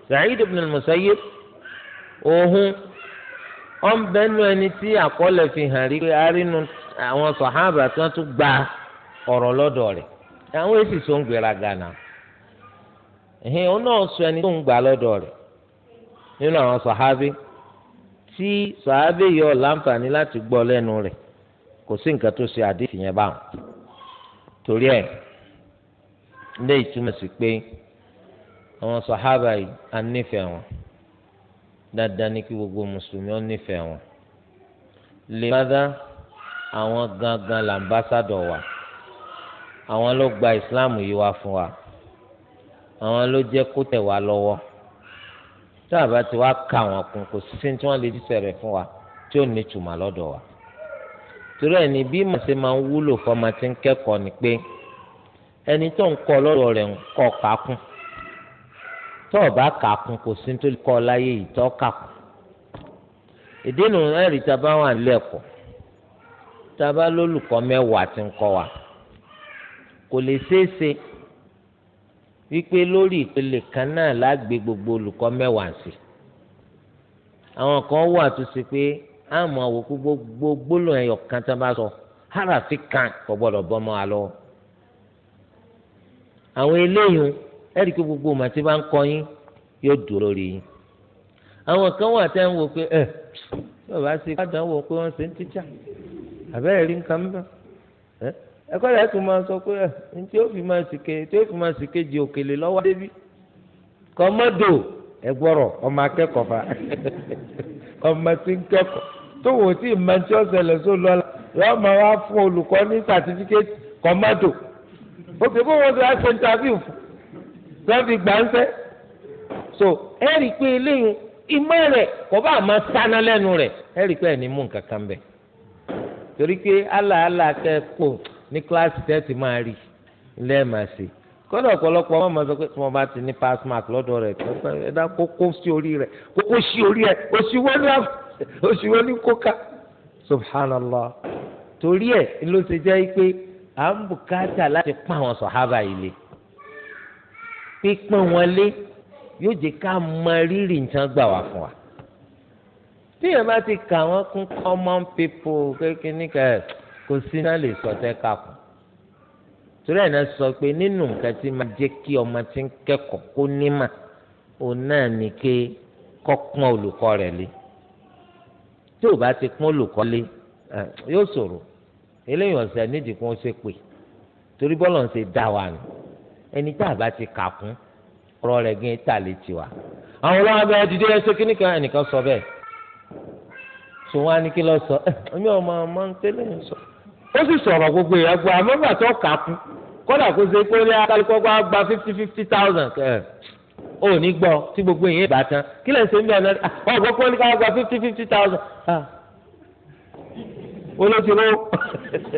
sa'id ibn al òhun ọ̀nbẹ́nu ẹni tí àkọọ́lẹ̀ fi hàn rí pé arínú àwọn sọ̀hábà tí wọ́n tún gba ọ̀rọ̀ lọ́dọ̀ rẹ̀ àwọn èsì tó ń gbéra gànà ẹ̀hìn òun náà sọ ẹni tó ń gbà lọ́dọ̀ rẹ̀ nínú àwọn sọ̀hábì tí sọ̀hábì yọ láǹfààní láti gbọ́ lẹ́nu rẹ̀ kò sí nǹkan tó ṣe àdéhùn yẹn báwọn torí ẹ̀ ilé ìtumọ̀ sí pé àwọn sọ̀hábà yìí á nífẹ̀ẹ́ wọn dáadáa ní kí gbogbo mùsùlùmí ó nífẹ̀ẹ́ wọn lè má dá àwọn gangan làǹbásádọ̀ wa àwọn ló gba ìsìláàmù yìí wá fún wa àwọn ló jẹ́ kó tẹ̀ wá lọ́wọ́ tá a bá ti kà wọ́n kún kò sí tí wọ́n lè jíṣẹ́ rẹ̀ fún wa tí ò ní tùmọ̀ lọ́dọ̀ wa torí ẹni bí màá ṣe máa ń wúlò fọmọ tí ń kẹ́kọ̀ọ́ ni pé ẹni tó ń kọ́ lọ́dọ̀ rẹ̀ ń kọ́ kàákùn tó o bá kàákùn kò sí tó kọ́ láyé yìí tó ìdí nu ẹ̀rí tá a bá wà nílé ẹ̀kọ́ tábà lólùkọ́ mẹ́wàá ti ń wa kò lè ṣeéṣe wípé lórí ìpele kan náà lágbè gbogbo olùkọ́ mẹ́wàá sí àwọn kan wà tó ṣe pé àmọ́ àwòkú gbogbo gbólóhùn ẹyọ kan tá a bá sọ háràfi kan kò gbọ́dọ̀ bọ́ mọ́ a àwọn eléyìí ẹ̀rí pé gbogbo màtí bá ń kọ́ yín yóò dúró lórí yín. àwọn kan wà tẹ́ ń wò pé ẹ̀ bàbá ṣe kádàá wò pé wọ́n ṣe ń tíjà àbẹ́rẹ́ rí nǹkan mbẹ́ ẹ kọ́ ẹ̀ tó máa sọ pé ẹ̀ ntí ó fi máa sìkè tí ó fi máa sìkè di òkèlè lọ́wọ́ débi kọ́mọ́dò ẹ̀gbọ́rọ̀ ọmọ akẹ́kọ̀ọ́ fa ọmọ tí ń kẹ́kọ̀ọ́ tó wò tí ìmọ̀ tí ó ṣẹlẹ̀ só lọ́la yọ́ọ́ máa wá fún olùkọ́ ní sàtífíkẹ́tì kọ́mọ́dò òkè kó wọ́n ti wá ṣe interview fún sọ́ọ́fì gbàǹsẹ́ so ẹ rí i pé eléyìí ìmọ̀ rẹ̀ kọ́ bá máa sáná lẹ́nu rẹ̀ ẹ pé ẹ̀ ní mú nǹkan kan bẹ́ẹ̀ torí pé àlàálà kẹ́ pò ní kíláàsì tẹ́tì máa rí lẹ́ẹ̀màṣe kọ́dọ̀ ọ̀pọ̀lọpọ̀ wọn máa sọ pé wọ́n bá ti ní pass mark lọ́dọ̀ rẹ̀ ẹ̀dá kókó sí orí rẹ̀ kókó sí orí ẹ̀ òṣìwọ́ ní kóká subhanallah torí ẹ̀ ló ṣe jẹ́ pé à ń bùkátà láti pa àwọn sọ̀hábà yìí lé pípọ́n wọn lé yóò jẹ́ ká mọ rírì nǹkan gbà wá fún wa tíyẹn bá ti kà wọ́n kún common people kékeré níkà kò sí náà lè sọ tẹ́ ká kù torí ẹ̀ náà sọ pé nínú nǹkan tí máa jẹ́ kí ọmọ tí ń kẹ́kọ̀ọ́ kó nímà òun náà ní ké kọ́pọ́n olùkọ́ rẹ̀ lé tí ò bá ti pọ́n olùkọ́ lé yóò ṣòro eléyìí ọ̀sẹ̀ nídìí kún ó ṣe pè torí bọ́lọ̀ ń ṣe dá wa nù ẹni tá a ti kà kún ọ̀rọ̀ rẹ̀ gé tà létí wa àwọn ọlọ́wọ́ bẹ́ẹ̀ dídé ẹsẹ̀ kíníkan ẹnìkan sọ bẹ́ẹ̀ tó wá ní kí lọ sọ ẹmí ọmọ ọmọ ń tẹ́lẹ̀ ń sọ. ó sì sọ̀rọ̀ gbogbo èèyàn gba àmọ́gbà tó kà á kú kódà kó ṣe pé lẹ́yìn akálùkọ́ gba gba fifty fifty thousand ẹ̀ eh, ò ní gbọ́ tí gbogbo èèyàn bá tán kí lẹ̀ ń ṣe ń bẹ̀ náà ah, ọ̀ gbọ́ pé ká gba fifty fifty thousand olóṣèlú ah.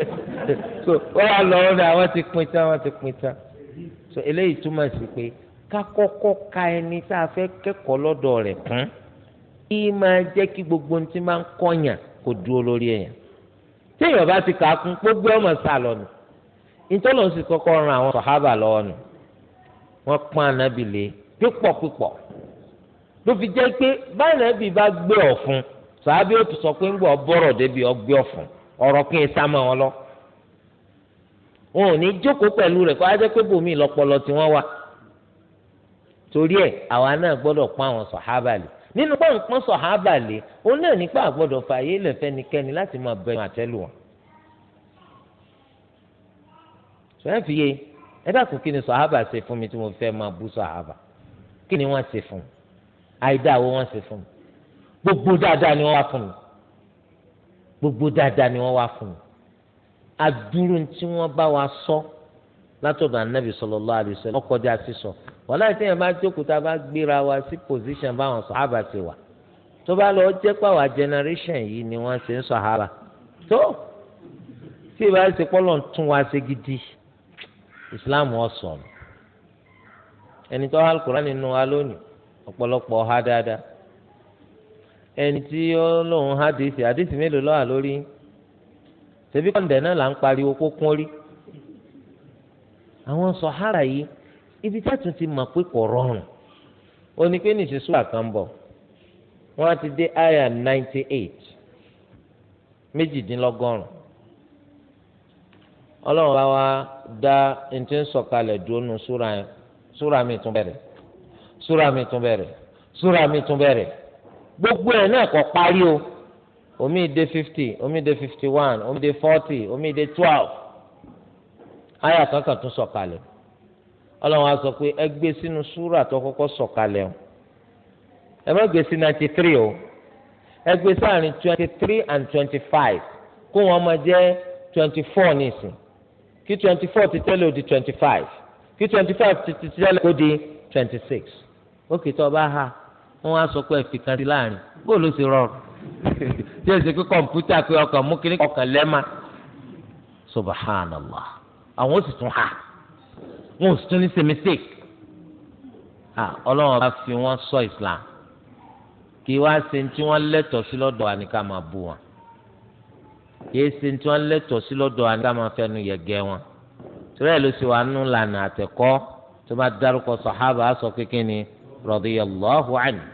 so ó wà lọ́wọ́ ni àwọn ti pin tán àwọn ti pin tán so eléyìí túmọ̀ sí pé ká kọ́kọ́ ka ẹni tá a fẹ́ kẹ́kọ̀ọ́ lọ́dọ̀ rẹ̀ kún. Hmm? kí máa jẹ́ kí gbogbo ohun máa ń kọ́yàn kò dúró lórí èèyàn tí bá ti kà á kún ọmọ sá lọ nù nítorí sì kọ́kọ́ ran àwọn sọ̀hábà lọ́wọ́ nù wọ́n pọ́n ànábì lé pípọ̀. ló fi jẹ́ pé báyìí ànábì bá gbé ọ̀fun sọ pé ń gbọ́ bọ́rọ̀ débi ọgbẹ́ ọ̀fun ọ̀rọ̀ kí n wọn lọ wọn nínú pọ́ùn pọ́n sọ̀hábà lé òun náà nípa àgbọ̀dọ̀ fààyè lẹ́fẹ̀ẹ́nikẹ́ni láti máa bẹnu àtẹ́lù wọn. sọ̀rọ̀ fi yé ẹ dákun kí ni sọ̀hábà ṣe fún mi tí mo fẹ́ máa bú sọ̀hábà kí ni wọ́n ṣe fún mi àìdáwó wọ́n ṣe fún mi gbogbo dáadáa ni wọ́n wá fún mi gbogbo dáadáa ni wọ́n wá fún mi àdúró tí wọ́n bá wa sọ látọ̀dọ̀ ànábì sallallahu alaihi wasallam ọkọ̀ dé àti sọ wọn láti yẹn bá jókòó tá a bá gbéra wa sí pòsíṣàn báwọn sọ̀hábà ti wà tó bá lọ jẹ́ pàwọ́ generation yìí ni wọ́n ṣe ń sọ̀hábà tó tí ìbá ṣe pọ́lọ̀ ń tún wa ṣe gidi Islam ọ̀sán ẹni tó alukóra nínú wa lónìí ọ̀pọ̀lọpọ̀ ha dáadáa ẹni tí ó lóun ha dìísì àdìísì mélòó lọ́wọ́ lórí ṣebí kọ́ńdẹ̀ náà là ń pariwo kó kún rí àwọn sọ̀hábà yìí ibi tẹ́tù ti mọ̀ pé kò rọrùn ó ní pé nìṣẹ́ sùúrà kan ń bọ̀ ti dé àyà ninety eight méjìdínlọ́gọ́rùn ọlọ́run bá wa dá ntí ń sọ̀kalẹ̀ dúró nu súra yẹn súra mi tún bẹ̀rẹ̀ súra mi tún bẹ̀rẹ̀ súra mi tún bẹ̀rẹ̀ gbogbo ẹ̀ náà kò parí o omi dé fifty omi dé fifty one omi dé forty omi dé twelve àyà kankan tún sọ̀kalẹ̀. So ọlọ́run á sọ pé ẹ gbé sínú súrà tó kọ́kọ́ sọ̀kalẹ̀ o ẹ má gbé sí ninety three o ẹ gbé sáàrin twenty three and twenty five kó wọn máa jẹ́ twenty four nìsín kí twenty four ti tẹ́lẹ̀ ó di twenty five kí twenty five ti ti tẹ́lẹ̀ ó di twenty six ó kì í tọ́ ọ bá ha wọ́n á sọ pé ẹ fi kan sí láàrin bóòlù sì rọrùn tí èsì pé kọ̀ǹpútà pé ọkàn mú kínní ọkàn lẹ́ẹ̀ma subhanallah àwọn ó sì tún ha. wọn ò tún ní ṣe mistake ah ọlọ́run bá fi wọ́n sọ islam kí wá ṣe tí wọ́n lẹ́tọ̀ọ́ sí lọ́dọ̀ wa ní ká máa bú wọn kí ṣe tí wọ́n lẹ́tọ̀ọ́ sí lọ́dọ̀ wa ní ká máa fẹnu yẹ̀gẹ́ wọn torí ẹ̀ ló ṣe wà nù lànà àtẹ̀kọ́ tó bá dárúkọ á sọ kékeré ni radiyallahu anhu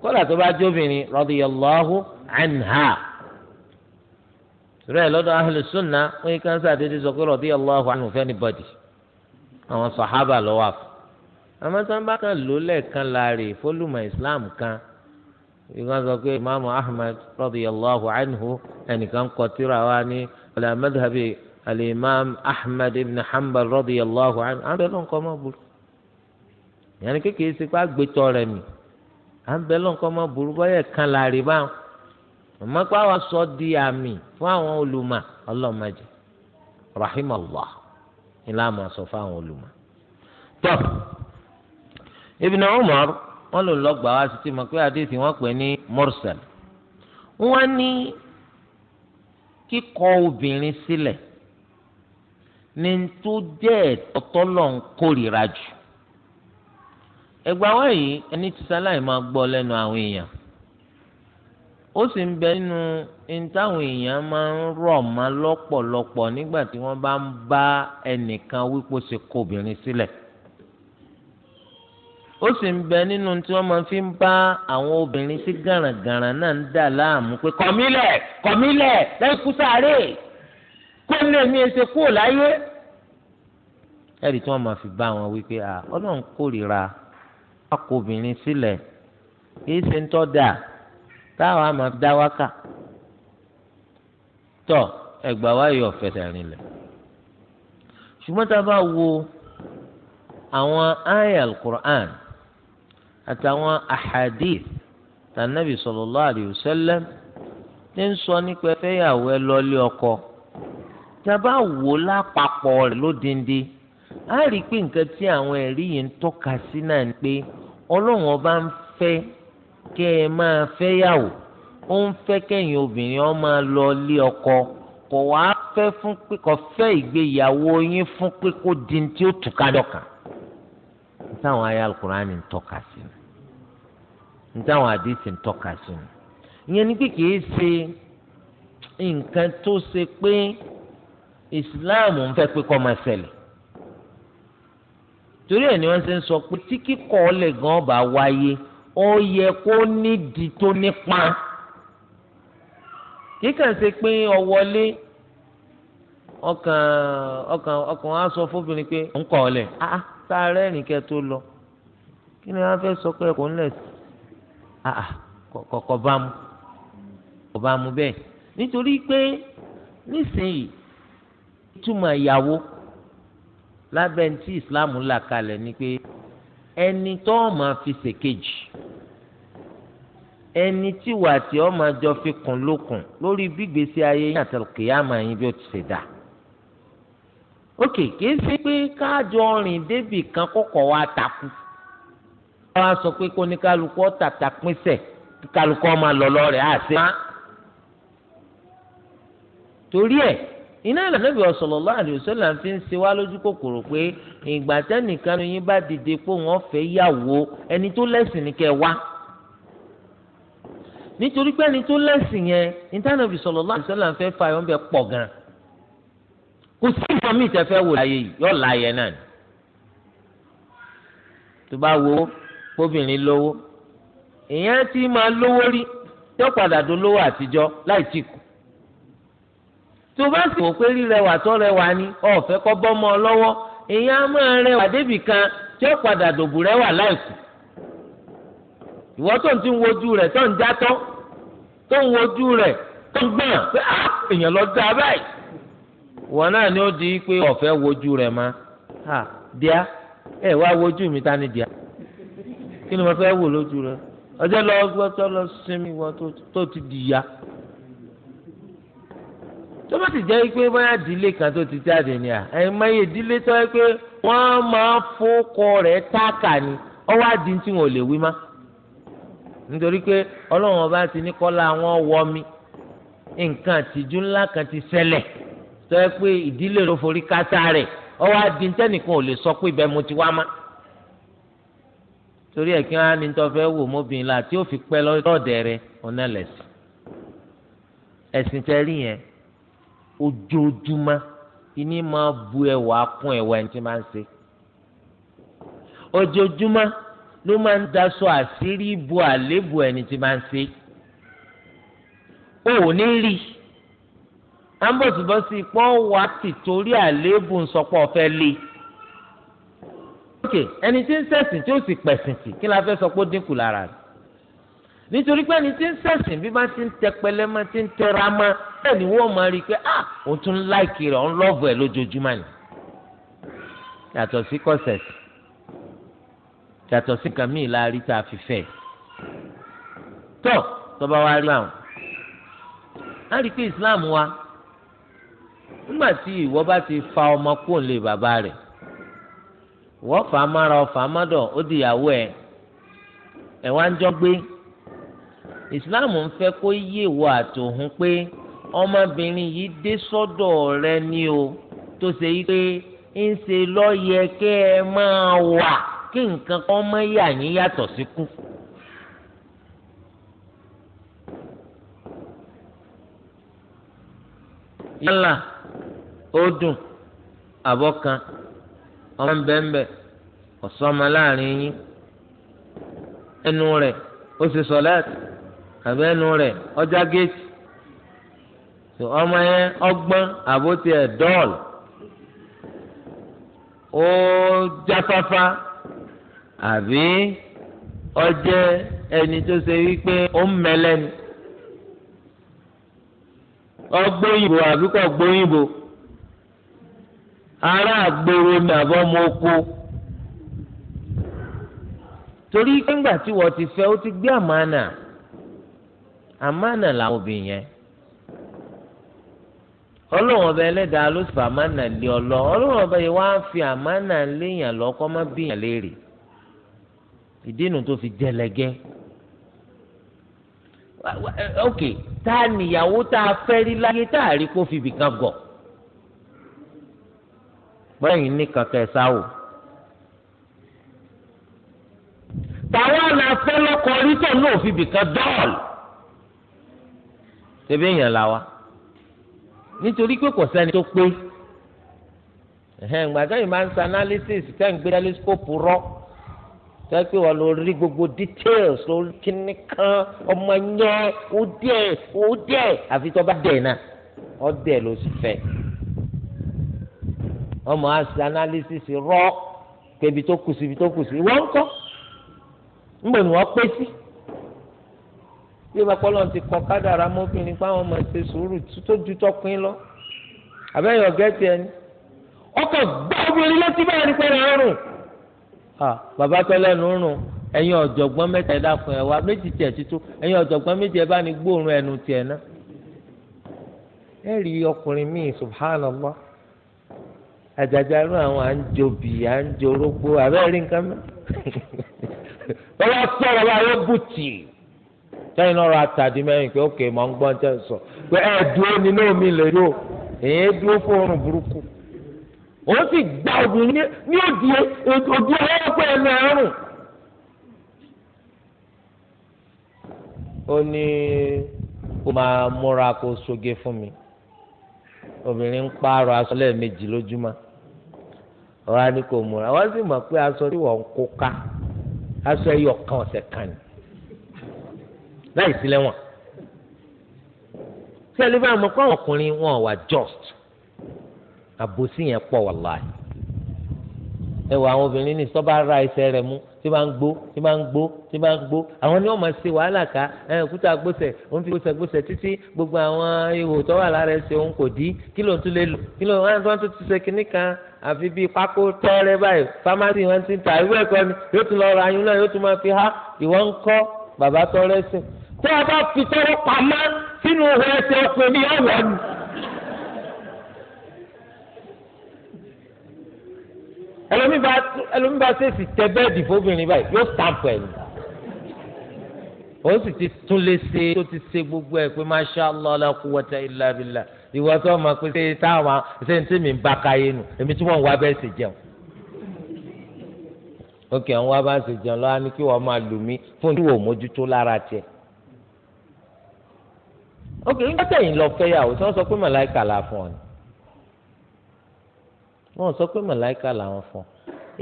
kódà tó bá jóbìnrin radiyallahu anha torí ẹ̀ lọ́dọ̀ ahlus radiyallahu anhu fẹ́ ni àwọn sàhábà lọ́wọ́ àfọ àmọ́ tí wọ́n bá kàn lò lẹ́ẹ̀kan láàrè fólùmọ̀ islam kan ìgbọ́n sọ pé imaamu ahmed radiyallahu anhu ẹnìkan kọ tírà wa ní ala madhabi al-imam ahmed ibn hanbal radiyallahu anhu àwọn bẹ́ẹ̀ ló ń kọ́ mọ́ burú yàní kékeré sí pé àgbétọ́ rẹ̀ mi àwọn bẹ́ẹ̀ ló ń kọ́ mọ́ burú bọ́yẹ̀ kan láàrè báwọn àmọ́ pé àwọn sọ di àmì fún àwọn olùmọ̀ ọlọ́mọdé rahimahullah ni láàmú sọ fáwọn olùmọ̀. tọ́ Ibn Umar wọn lò lọ́gbàá wá sí ti mọ̀ pé àdéhìí wọn pè ní mursal wọn ní kíkọ obìnrin sílẹ̀ ní tó jẹ́ ẹ̀tọ́ tọ́lọ̀ ń kórìíra jù ẹgbàá wọ̀nyí ẹni tí sáláì máa gbọ́ lẹ́nu àwọn èèyàn ó sì ń bẹ nínú ìtàwọn èèyàn máa ń rọ̀ mọ́ lọ́pọ̀lọpọ̀ nígbà tí wọ́n bá ń bá ẹnìkan wípé ó ṣe kó obìnrin sílẹ̀ ó sì ń bẹ nínú tí wọ́n máa fi ń bá àwọn obìnrin sí gàràngàràn náà ń dà láàmú pé kọ̀mílẹ̀ kọ̀mílẹ̀ lẹ́yìn kú sáré kó lè ní ẹsẹ̀ kúrò láyé ẹ̀rí tí wọ́n máa fi bá wọn wípé ọlọ́run kórìíra akọ obìnrin sílẹ̀ kì í ṣe ń tọ́ dáa táwọn àmọ́ dá wákà tọ ẹgbàá wa yọ fẹsẹ̀ rinlẹ̀ ṣùgbọ́n tá a bá wo àwọn àyà alukur'an àtàwọn ahadith tànàbì sallallahu alayhi wa sallam tí ń sọ nípa ẹfẹ́yàwó ẹ lọ́lé ọkọ tá a bá wò lápapọ̀ rẹ̀ lódindi á rí i pé nǹkan tí àwọn ẹ̀rí yìí ń tọ́ka sí náà ni pé ọlọ́run ọba ń fẹ́ kẹ́ ẹ máa fẹ́yàwó ó ń fẹ́ kẹ́yìn obìnrin ọ máa lọ lé ọkọ kò wá fẹ́ fún pé kò fẹ́ ìgbéyàwó yín fún pé kó di tí ó tù kádọ́kà nítawọn ayé alukurani ń tọ́ka sí ni nítawọn àdìsí ń tọ́ka sí ni ìyẹn ni pé kìí ṣe nǹkan tó ṣe pé Islam ń fẹ́ pé kó máa ṣẹlẹ̀ torí ẹ̀ ni wọ́n ṣe ń sọ pé tí kíkọ́ ọ̀lẹ̀ gan-an bá wáyé ó yẹ kó nídìí tó nípa kì í kàn ṣe pé ọ̀wọ́lé ọkàn ọkàn ọkàn á sọ fóbìnrin pé ń kọ̀ ọ́ ah tá ah, a rẹ́rìn kẹ́ tó lọ kí ni wọ́n fẹ́ sọ pé kò ń lẹ̀ sí ah kọ̀kọ̀ ah, bá mu kọ̀ bá mu bẹ́ẹ̀ nítorí pé nísìnyí ìtumọ̀ ìyàwó lábẹ́ ní tí ìsìláàmù là kalẹ̀ ni pé ẹni tó máa fi ṣèkejì ẹni tí wà tí ọ máa jọ fi kùn lókun lórí gbígbèsè ayé yín àti kìyàmà yín bí ó ti ṣe dà. ok kìí ṣe pé káàjọ rìn débì kan kọkọ wa takú. wọ́n á sọ pé kó ní kálukú ọ̀tàtà pínṣẹ̀ kí kálukú ọmọ lọ lọ́rẹ̀ á ṣe má. torí ẹ̀ iná Ànábì sallallahu alaihi wasallam fi ń ṣe wá lójú kòkòrò pé ìgbà tẹ́nìkan yín bá dìde pé wọ́n fẹ́ yàwó ẹni tó lẹ́sìn ní kẹ́ wá. nítorí pé ẹni tó lẹ́sìn yẹn intanẹ́ẹ̀tì sallallahu alaihi wasallam fẹ́ fà yọ̀ bẹ pọ̀ gan kò sí nǹkan míì tẹ́ wò láyé yìí náà ni tó bá wo kóbìnrin lówó ti máa lówó rí tó padà dolówó àtijọ́ láì tì kù tó bá sì wò pé rírẹwà tó ni ọ̀fẹ́ kọ́ bọ́mọ lọ́wọ́ èèyàn á máa rẹwà débì kan tí padà dòbù rẹwà láì kù wojú rẹ̀ tó ń tó ń wojú rẹ̀ tó ń gbọ̀n pé á ah, èèyàn lọ dá báyìí wọn náà ni ó di pé ọ̀fẹ́ wojú rẹ̀ ma ha díá ẹ wá wojú mi ta ni díá kí ni mo fẹ́ wò lójú rẹ̀ ọjọ́ lọ gbọ́tọ́ lọ sinmi wọn tó ti dìyà tó bá ti jẹ́ pé báyà dílé kan tó ti jáde ni à ẹ̀yin máa yẹ dílé tó yẹ pé wọ́n máa fọ́kọ rẹ̀ táàkà ni ọwọ́ àdín tí wọn ò lè wí má. nítorí pé ọlọ́run ọba ti ní kọ́lá àwọn wọ mi nǹkan àtijú ńlá kan ti ṣẹlẹ̀ tó yẹ pé ìdílé ló forí kásá rẹ̀ ọwọ́ adìntẹ́nìkan ò lè sọ pé ibẹ̀ mo ti wá má torí ẹ̀ kí wọ́n á ní tó fẹ́ wò mọ́bìnrin la tí ó fi pẹ́ lọ́dẹ̀ rẹ̀ ọ̀nà lẹ̀sìn ẹ̀sìn tẹ́ rí yẹn ojoojúmọ́ ìní máa bu ẹwà kún ẹwà ẹni tí máa ń ṣe ojoojúmọ́ ló máa ń daṣọ àṣírí bo àléébù ẹni tí máa ń ṣe o ò ní rí ambosibosi pọ́ wá ti torí àléébù ńsọpọ̀ ọ̀fẹ́ lé okay ẹni tí ń ṣẹ̀sìn tí ó sì pẹ̀sìn tì kí la fẹ́ sọ pé ó dínkù lára rẹ̀ nítorí pé ẹni tí ń ṣẹ̀sìn bí bá ti ń tẹpẹlẹ mọ́ ti ń tẹra mọ́ bẹ́ẹ̀ ni wọ́n máa rí i pé ah òun tún láìkì rẹ̀ òun lọ́ọ̀bù ẹ̀ lójoojúmọ́ ni yàtọ̀ sí kọ́sẹ̀sì yàtọ̀ sí nǹkan míì la rí tá a fi fẹ́ tó tọba wa rí àwọn á rí pé islam wa nígbà tí ìwọ bá ti fa ọmọ kúrò lè bàbá rẹ̀ wọ́n fà á mára ọ̀fà mọ́dọ̀ ó di ìyàwó ẹ̀ ẹ̀ wá ń jọ gbé islam ń fẹ́ kó yé ìwọ àtòhún pé ọmọbìnrin yìí dé sọ́dọ̀ rẹ ni o tó ṣe yí pé ń ṣe lọ́yẹ kẹ́ ẹ máa wà kí nǹkan kan mọ́ yà yín yàtọ̀ sí kú. yálà ó dùn àbọ̀ kan ọmọ bẹ́ẹ̀nbẹ́ẹ̀ ọ̀sọ́mọ láàrin yín ẹnu rẹ̀ ó ṣe sọ̀láàtì àbẹ́ ẹnu rẹ̀ ọjà géètì ọmọ yẹn ọgbọ́n àbótiẹ̀ dọ́ọ̀lù ó jáfáfá àbí ọjẹ́ ẹni tó ṣe wípé ó ń mẹlẹ́nu ọgbóyìnbó àbí kò gbóyìnbó ará àgbèrè mi àbọ ọmọ oko torí nígbà tí wọ́n ti fẹ́ ó ti gbé àmànà àmànà làwọn obìnrin yẹn ọba ẹlẹ́dàá ló sì fà ọ lọ ọba yẹn wá fi ìdínú tó fi jẹlẹgẹ́ ok tá a níyàwó tá a fẹ́ rí láyé tá a rí kó fi bìkan gọ̀ bẹ́yìn ní kankan ẹ̀sà o. tàwa la fẹ́ lọ́kọ rí tẹ̀ náà fi bìkan dọ́ọ̀lù tẹ̀bí èèyàn la wa nítorí pé kò sẹ́ni tó pé ẹ̀hẹ́n gbàdá yìí máa ń sa analysis tẹ́ ń gbé telescope rọ́ tẹ́ pé rí gbogbo details ló kíní kan ọmọ yẹn ó dẹ̀ ó dẹ̀ àfi tó bá dẹ̀ náà ó dẹ̀ ló sì ọmọ àti analysis rọ kébi tó kù sí ibi tó kù sí wọ́n ń kọ́ ni wọ́n pé sí bí ti kádàrá mọ́bìnrin sùúrù tó ju lọ ọ̀gẹ́tì bàbá tọ́lẹ̀ nù rùn ẹ̀yin ọ̀jọ̀gbọ́n mẹ́ta ẹ̀dá fún ẹ wá méjì tiẹ̀ títú ẹ̀yin ọ̀jọ̀gbọ́n méjì ẹ bá ní gbóòórùn ẹnu tiẹ̀ náà. ẹ rí ọkùnrin míì subhanallah àjàjàrú àwọn à ń jobi à ń jorógbó àbẹ́ rí nǹkan mẹ́. sọ̀rọ̀ bá sẹ́yìn náà ra tàdí ókè mọ̀ ń gbọ́n tẹ́ sọ pé dúró nínú lè ó sì gba obìnrin ní òdi òdi ọlọ́pàá ẹnu àárùn. ó ní kó máa múra kó soge fún mi obìnrin ń pààrọ̀ aṣọ lẹ́ẹ̀mejì lójúmọ́ ọ̀rá ni kò múra wọ́n sì mọ̀ pé aṣọ tí wọ́n ń kó ká aṣọ ẹyọ kan ọ̀sẹ̀ kan ni láì sí lẹ́wọ̀n mọ̀ pé àwọn ọkùnrin wọn wà just àbòsí yẹn pọ̀ wàláì ẹ wọ àwọn obìnrin ní sọ́ba ra ẹsẹ̀ rẹ̀ mú tí bá ń gbó tí bá ń gbó tí bá ń gbó àwọn ni wọ́n máa ṣe wàhálà ká ẹ òkúta gbọ́sẹ̀ òun fi gbọ́sẹ̀ gbọ́sẹ̀ títí gbogbo àwọn ihò tó wà lára ẹsẹ̀ òun kò dí kí ló ń tún lè lò kí ló ń tún tún ṣe kinní kan àfi bíi pákó tẹ́rẹ́ báyìí fámásì wọn ti ń ta ìwé ẹ̀kọ́ ni yóò tún lọ ra ayún náà yóò tún máa fi há ìwọ ń kọ́ bàbá tọrẹ sìn tí a bá fi tọrọ pamọ́ sínú ẹsẹ̀ ọkùnrin yóò wọ̀ ni. ẹlòmíì bá ṣèṣì tẹ bẹ́ẹ̀dì fóbìnrin báyìí yóò stamp ẹ̀ ní. ó sì ti tún lé ṣe tó ti ṣe gbogbo ẹ̀ pé masha allah la quwwata illa billah ìwọ tó ma pé ṣe táwọn ṣe ń tí mi ń bá káyé nù èmi tí wọ́n wá bẹ́ẹ̀ ṣe jẹun ókè àwọn wa bá ń ṣèjàn lọ́wọ́ ni kí wọ́n máa lù mí fún tí mójútó lára tiẹ̀. ókè nígbà tẹ̀yìn lọ fẹ́yàwó tí wọ́n sọ pé màláìkà la fún ọ ni wọn sọ pé màláìka làwọn fún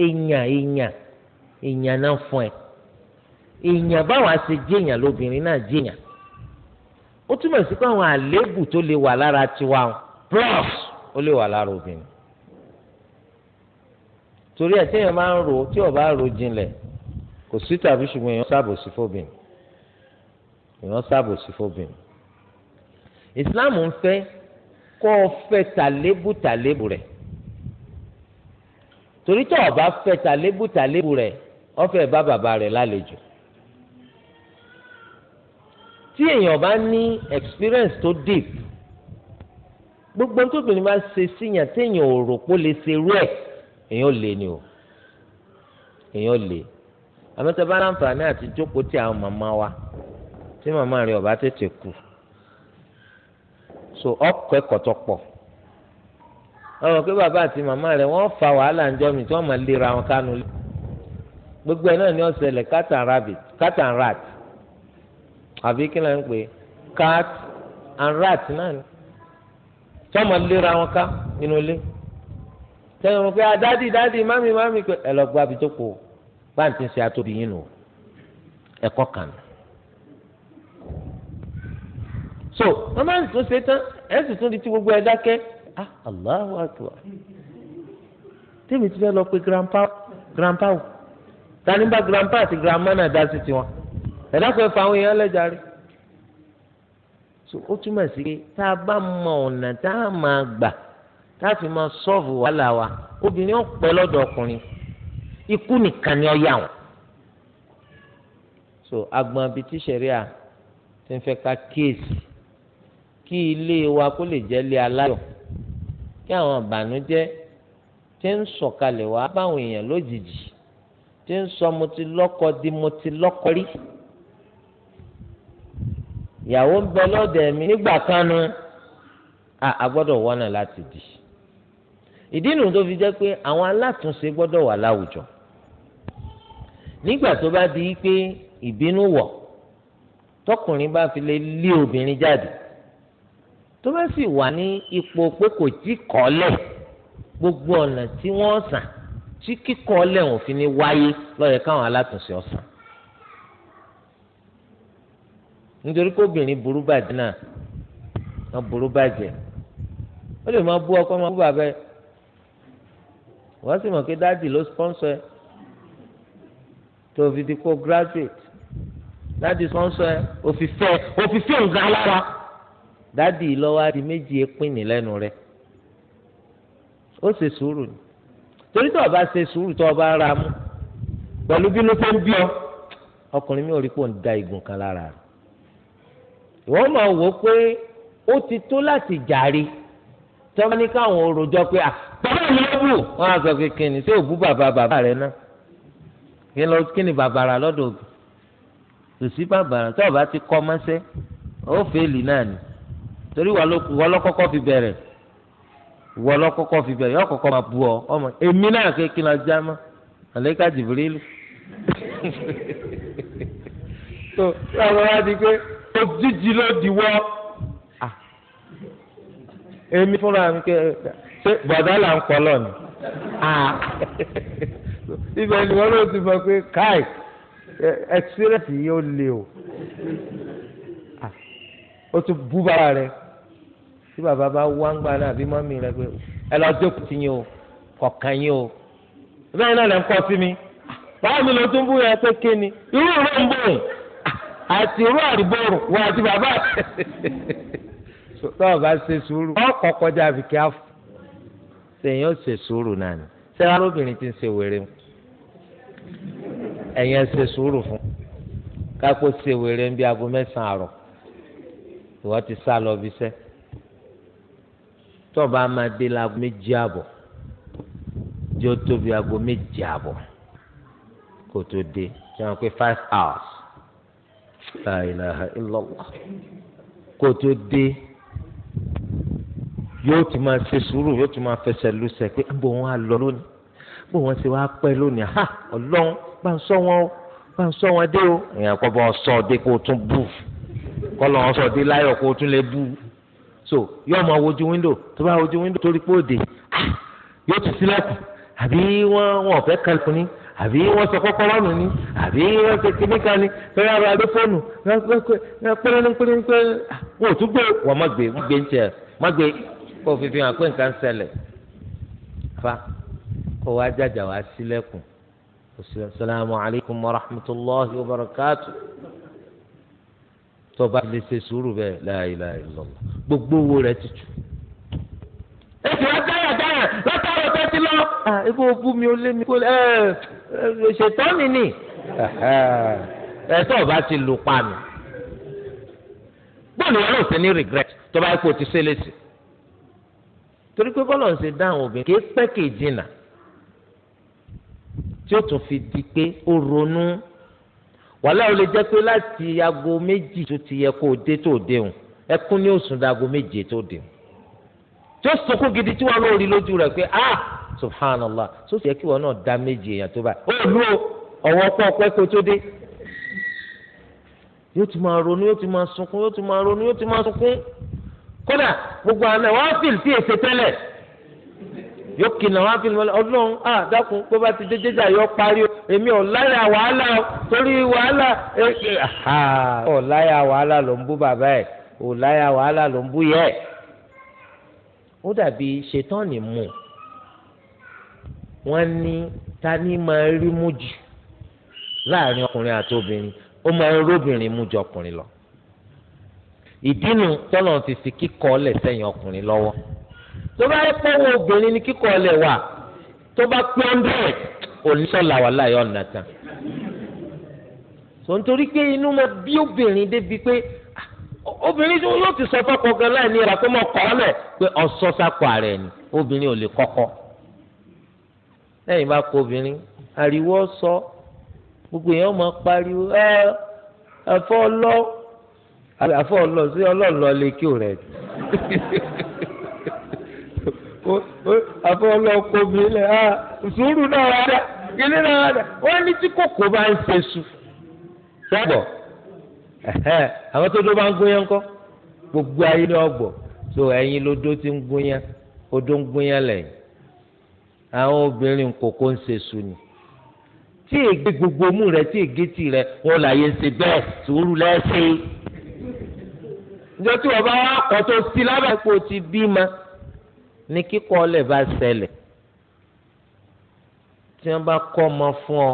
èèyàn èèyàn èèyàn náà fún ẹ èèyàn báwa ṣe jẹyàn lóbìnrin náà jẹyàn ó túmọ̀ sí pé àwọn àléébù tó lè wà lára tiwa plus ó lè wà lára obìnrin torí ẹ téèyàn máa ń ro tí ọba ro jinlẹ̀ kò sí tàbí ṣùgbọ́n èèyàn ṣàbòsí fóbìnrin èèyàn ṣàbòsí fóbìnrin ìsìláàmù ń fẹ́ kó o fẹ́ tàlébù tàlébù rẹ̀ torí tó o bá fẹ́ tàlébù tàlébù rẹ̀ ọfẹ́ bá bàbá rẹ̀ lálejò tí èèyàn bá ní experience tó deep gbogbo tó bìnrin bá ṣe síyàn téèyàn ò rò pé ó lè ṣe irú ẹ̀ èèyàn lè ni o èèyàn ò lè àmọ́tẹ́ bá láǹfààní àti jókòó tí àwọn màmá wa tí màmá rẹ̀ ọ̀bá tètè kú so ọkọ̀ ẹ̀kọ́ tó pọ̀ àwọn pé bàbá àti màmá rẹ̀ wọ́n fa wàhálà ńjọ́ mi tí wọ́n máa lera wọn kánú lé gbogbo ẹ̀ náà ni ó ṣẹlẹ̀ cat and rabbit cat and rat àbí kí ló ń pè cat and rat náà ni tí wọ́n máa lera wọn ká nínú ilé tẹ́lẹ̀ wọn pé dádì ah, dádì mami mami pé ẹ lọ gba abijoko báńtì ń ṣe àtòbí yín nù ẹ̀kọ́ kan. so wọ́n máa ń tún ṣe tán ẹ̀ sì tún di ti gbogbo ẹ̀ dákẹ́ ah Allahu akbar tèmi ti fẹ́ lọ pé grandpa grandpa o tani ba grandpa àti grandma náà dá sí tiwọn ẹ̀dá kan fa àwọn èèyàn lẹ́jà rí so ó túmọ̀ sí pé tá a bá mọ ọ̀nà tá a máa gbà tá a fi máa sọ́ọ̀fù wàhálà wa obìnrin ọ̀pẹ lọ́dọ̀ ọkùnrin ikú nìkan ni ọ yà wọn. so agbọn bíi tíṣẹ̀ríà ti ń fẹ́ ká kíyèsí kí ilé wa kó lè jẹ́ ilé aláyọ̀ kí àwọn àbànújẹ́ tí ń sọ̀kalẹ̀ wá báwọn èèyàn lójijì tí ń sọ mo ti lọ́kọ di mo ti lọ́kọ rí ìyàwó ń bẹ lọ́dọ̀ mi nígbà kan nu a gbọ́dọ̀ wọ́nà láti dì ìdí nu tó fi jẹ́ pé àwọn alátúnṣe gbọ́dọ̀ wà láwùjọ nígbà tó bá di pé ìbínú wọ̀ tọkùnrin bá fi lè lé obìnrin jáde tó bá sì wà ní ipò pé kò tí kọ́lẹ̀ gbogbo ọ̀nà tí wọ́n sàn tí kíkọ́lẹ̀ òfin ni wáyé lọ́yẹ̀ káwọn alátùnṣe ọ̀sán nítorí pé obìnrin burú bàjẹ́ náà wọ́n burú bàjẹ́ ó lè máa bú ọkọ máa bú bàbá ẹ wọ́n sì mọ̀ pé dáàdì ló sponsor ẹ tó o fi di kó graduate dáàdì sponsor ẹ òfìfẹ́ òfìfẹ́ òǹgá lára dádì lọ́wọ́ adi méjì pínì lẹ́nu rẹ̀ ó ṣe sùúrù ni torí tó o bá ṣe sùúrù tó o bá ra mú pẹ̀lú bínú tó ń bí ọ ọkùnrin mi ò rí pò ń da igun kan lára rẹ̀ ìwọ́n máa wò ó pé ó ti tó láti jàre tí wọ́n ní káwọn orojọ́ pé à bàbá mi ló bù wọ́n á sọ pé kí ni òbú bàbá bàbá rẹ̀ náà kí ló kí ni lọ́dọ̀ òbí kò sí bàbàrà tó o bá ti kọ́ mọ́sẹ́ ó fèèlì náà ni torí wọ́n lọ́kọ́kọ́ fi bẹ̀rẹ̀ wọ́n lọ́kọ́kọ́ fi bẹ̀rẹ̀ yọ kọ́kọ́ máa bu ọ ọmọ èmi náà kékeré la já mọ́ àlẹ́ká jìbìrìlù tó sáwọn wá di pé òjijì ló di wọ́ èmi fúnra mi ké ṣé bọ̀dá là ń pọ̀ lọ́nà ibẹ̀ ni wọ́n ló ti mọ̀ pé káì experience yìí ó le o ó tún bú bàrà rẹ̀ tí bàbá bá wá ń gbà náà àbí mọ́mì rẹ pé ẹ lọ jókòó ti yín o kọ̀ọ̀kan yín o bẹ́ẹ̀ náà lẹ́ ń kọ́ sí mi báwo mi ló tún bú yẹn pé kí ni irú ìró ń bò àti irú àdìbòrò wọ àti bàbá tó o bá ṣe sùúrù ọkọ̀ kọjá àfikí àfọ̀ sẹ́yìn ó ṣe sùúrù náà ni sẹ́yìn arúbìnrin ti ń ṣe wèrè mu ẹ̀yìn ṣe sùúrù fún kápó ṣe wèrè ń bí aago mẹ́sàn-án àrọ̀ ìwọ́n tọ́ba máa dé láago méjì àbọ̀ tí ó tóbi aago méjì àbọ̀ kó tó dé tí wọ́n pé five hours la ilaha illallah kó tó dé yóò ti máa ṣe sùúrù yóò ti máa fẹsẹ̀ lùsẹ̀ pé bó wọn á lọ lónìí bó wọn ṣe wá pẹ́ lónìí ha ọlọ́run bá ń sọ wọn o bá ń sọ wọn dé o èèyàn kọ́ bá ọ sọ ọ dé kó o tún bù kọ́ lọ́wọ́ sọ ọ dé láyọ̀ kó o tún lè bù so yóò máa wojú windo tó bá wojú windo torí pé òde ah, yóò tún sílẹ̀kùn àbí wọ́n wọn ò fẹ́ kẹlẹ̀kùn ni àbí wọ́n sọ kọ́kọ́ lọ́nà ni àbí wọ́n ṣe kíní kan ni lórí ara rẹ fóònù pérépérépérépé wọn ò tún gbé wọn má gbé má gbé ń tiẹ̀ má gbé kó fi fi hàn pé nǹkan ń ṣẹlẹ̀ fa kó wá jàjà wá sílẹ̀kùn assalamu alaikum warahmatullahi wabarakatuh tó o bá lè ṣe sùúrù bẹ́ẹ̀ la ilaha illallah gbogbo owó rẹ̀ ti tù. èsì wọn dáyà dáyà látàrọ tó ti lọ. ibi òbu mi ò lé mi kó ẹ ẹ ṣètò mi nì. ẹ tó o bá ti lù pa mi. bọ́ọ̀lù wọn ló ti ní regret tó bá kó o ti ṣe léṣe. torí pé bọ́ọ̀lù ń ṣe dáhùn obìnrin kì pẹ́ kì tí ó tún fi di pé ó ronú wàhálà ò lè jẹ́ pé láti aago méjì tó ti yẹ kó o dé tó o dago méje tó déhùn tó sunkún gidi tí wọn lórí lójú rẹ̀ pé ah subhanallah tó sì yẹ kí wọn náà dá méje èèyàn tó báyìí ó lu ọwọ́ pọ̀ ọpẹ́ kó tó dé yóò ti máa ronú yóò ti máa sunkún yóò máa ronú yóò gbogbo àná wọn fìlì sí èsè yóò kìnà wọn fi ọlọ́run á dákun pé bá ti dé jẹjà yọ parí o èmi ò láyà wàhálà o torí wàhálà ò láyà wàhálà ló ń bú bàbá ẹ ò láyà wàhálà ló ń bú yẹ ẹ ó dàbí ṣètọ́nì mú wọn ní ta ni máa rí mú jù láàrin ọkùnrin àti obìnrin ó máa ń róbìnrin mú ju ọkùnrin lọ ìdí nu tọ́lọ̀ ti fi kíkọ́ lẹ̀ sẹ́yìn ọkùnrin lọ́wọ́ tó bá yẹ pé owó obìnrin ni kíkọ́ ọlẹ̀ wà tó bá pé hundred oníṣọ́lá wà láyé ọ̀nà tán tó ń torí pé inú mọ bí obìnrin débi pé ah, obìnrin tó yóò ti sọ fọkọ gan láì ní ìrà pé mo kọ́ ọ́lẹ̀ pé ọ̀sọ́ ààrẹ ni obìnrin ò lè kọ́kọ́ lẹ́yìn bá kọ obìnrin ariwo sọ gbogbo èèyàn máa pariwo ẹ ẹ̀fọ́ ọlọ́ àfọ́ ọlọ́ sí ọlọ́ọ̀lọ́ lè kí o rẹ̀ jù. àfọ ọlọ́kọ mi lẹ̀ á sùúrù náà wà dà kíní náà wà dà wọ́n ní tí kòkó bá ń ṣe sùn. sọ́gbọ̀ àwọn tó dó bá ń gún yẹn ńkọ́ gbogbo ayé ni ọgbọ̀ tó ẹ̀yin ló dó ti ń gún yẹn odó ń gún yẹn lẹ́yìn àwọn obìnrin kòkó ń ṣe sùn ni tí ègbé gbogbo mú rẹ tí ègbé tì rẹ wọn là ń ṣe bẹ́ẹ̀ sùúrù lẹ́sìn. ìjọ tí wọ́n bá wà kọ́ tó sí lábẹ́ o ti bí ma ní kíkọ́ lè bá ṣẹlẹ̀ tí wọ́n bá kọ́ ọmọ fún ọ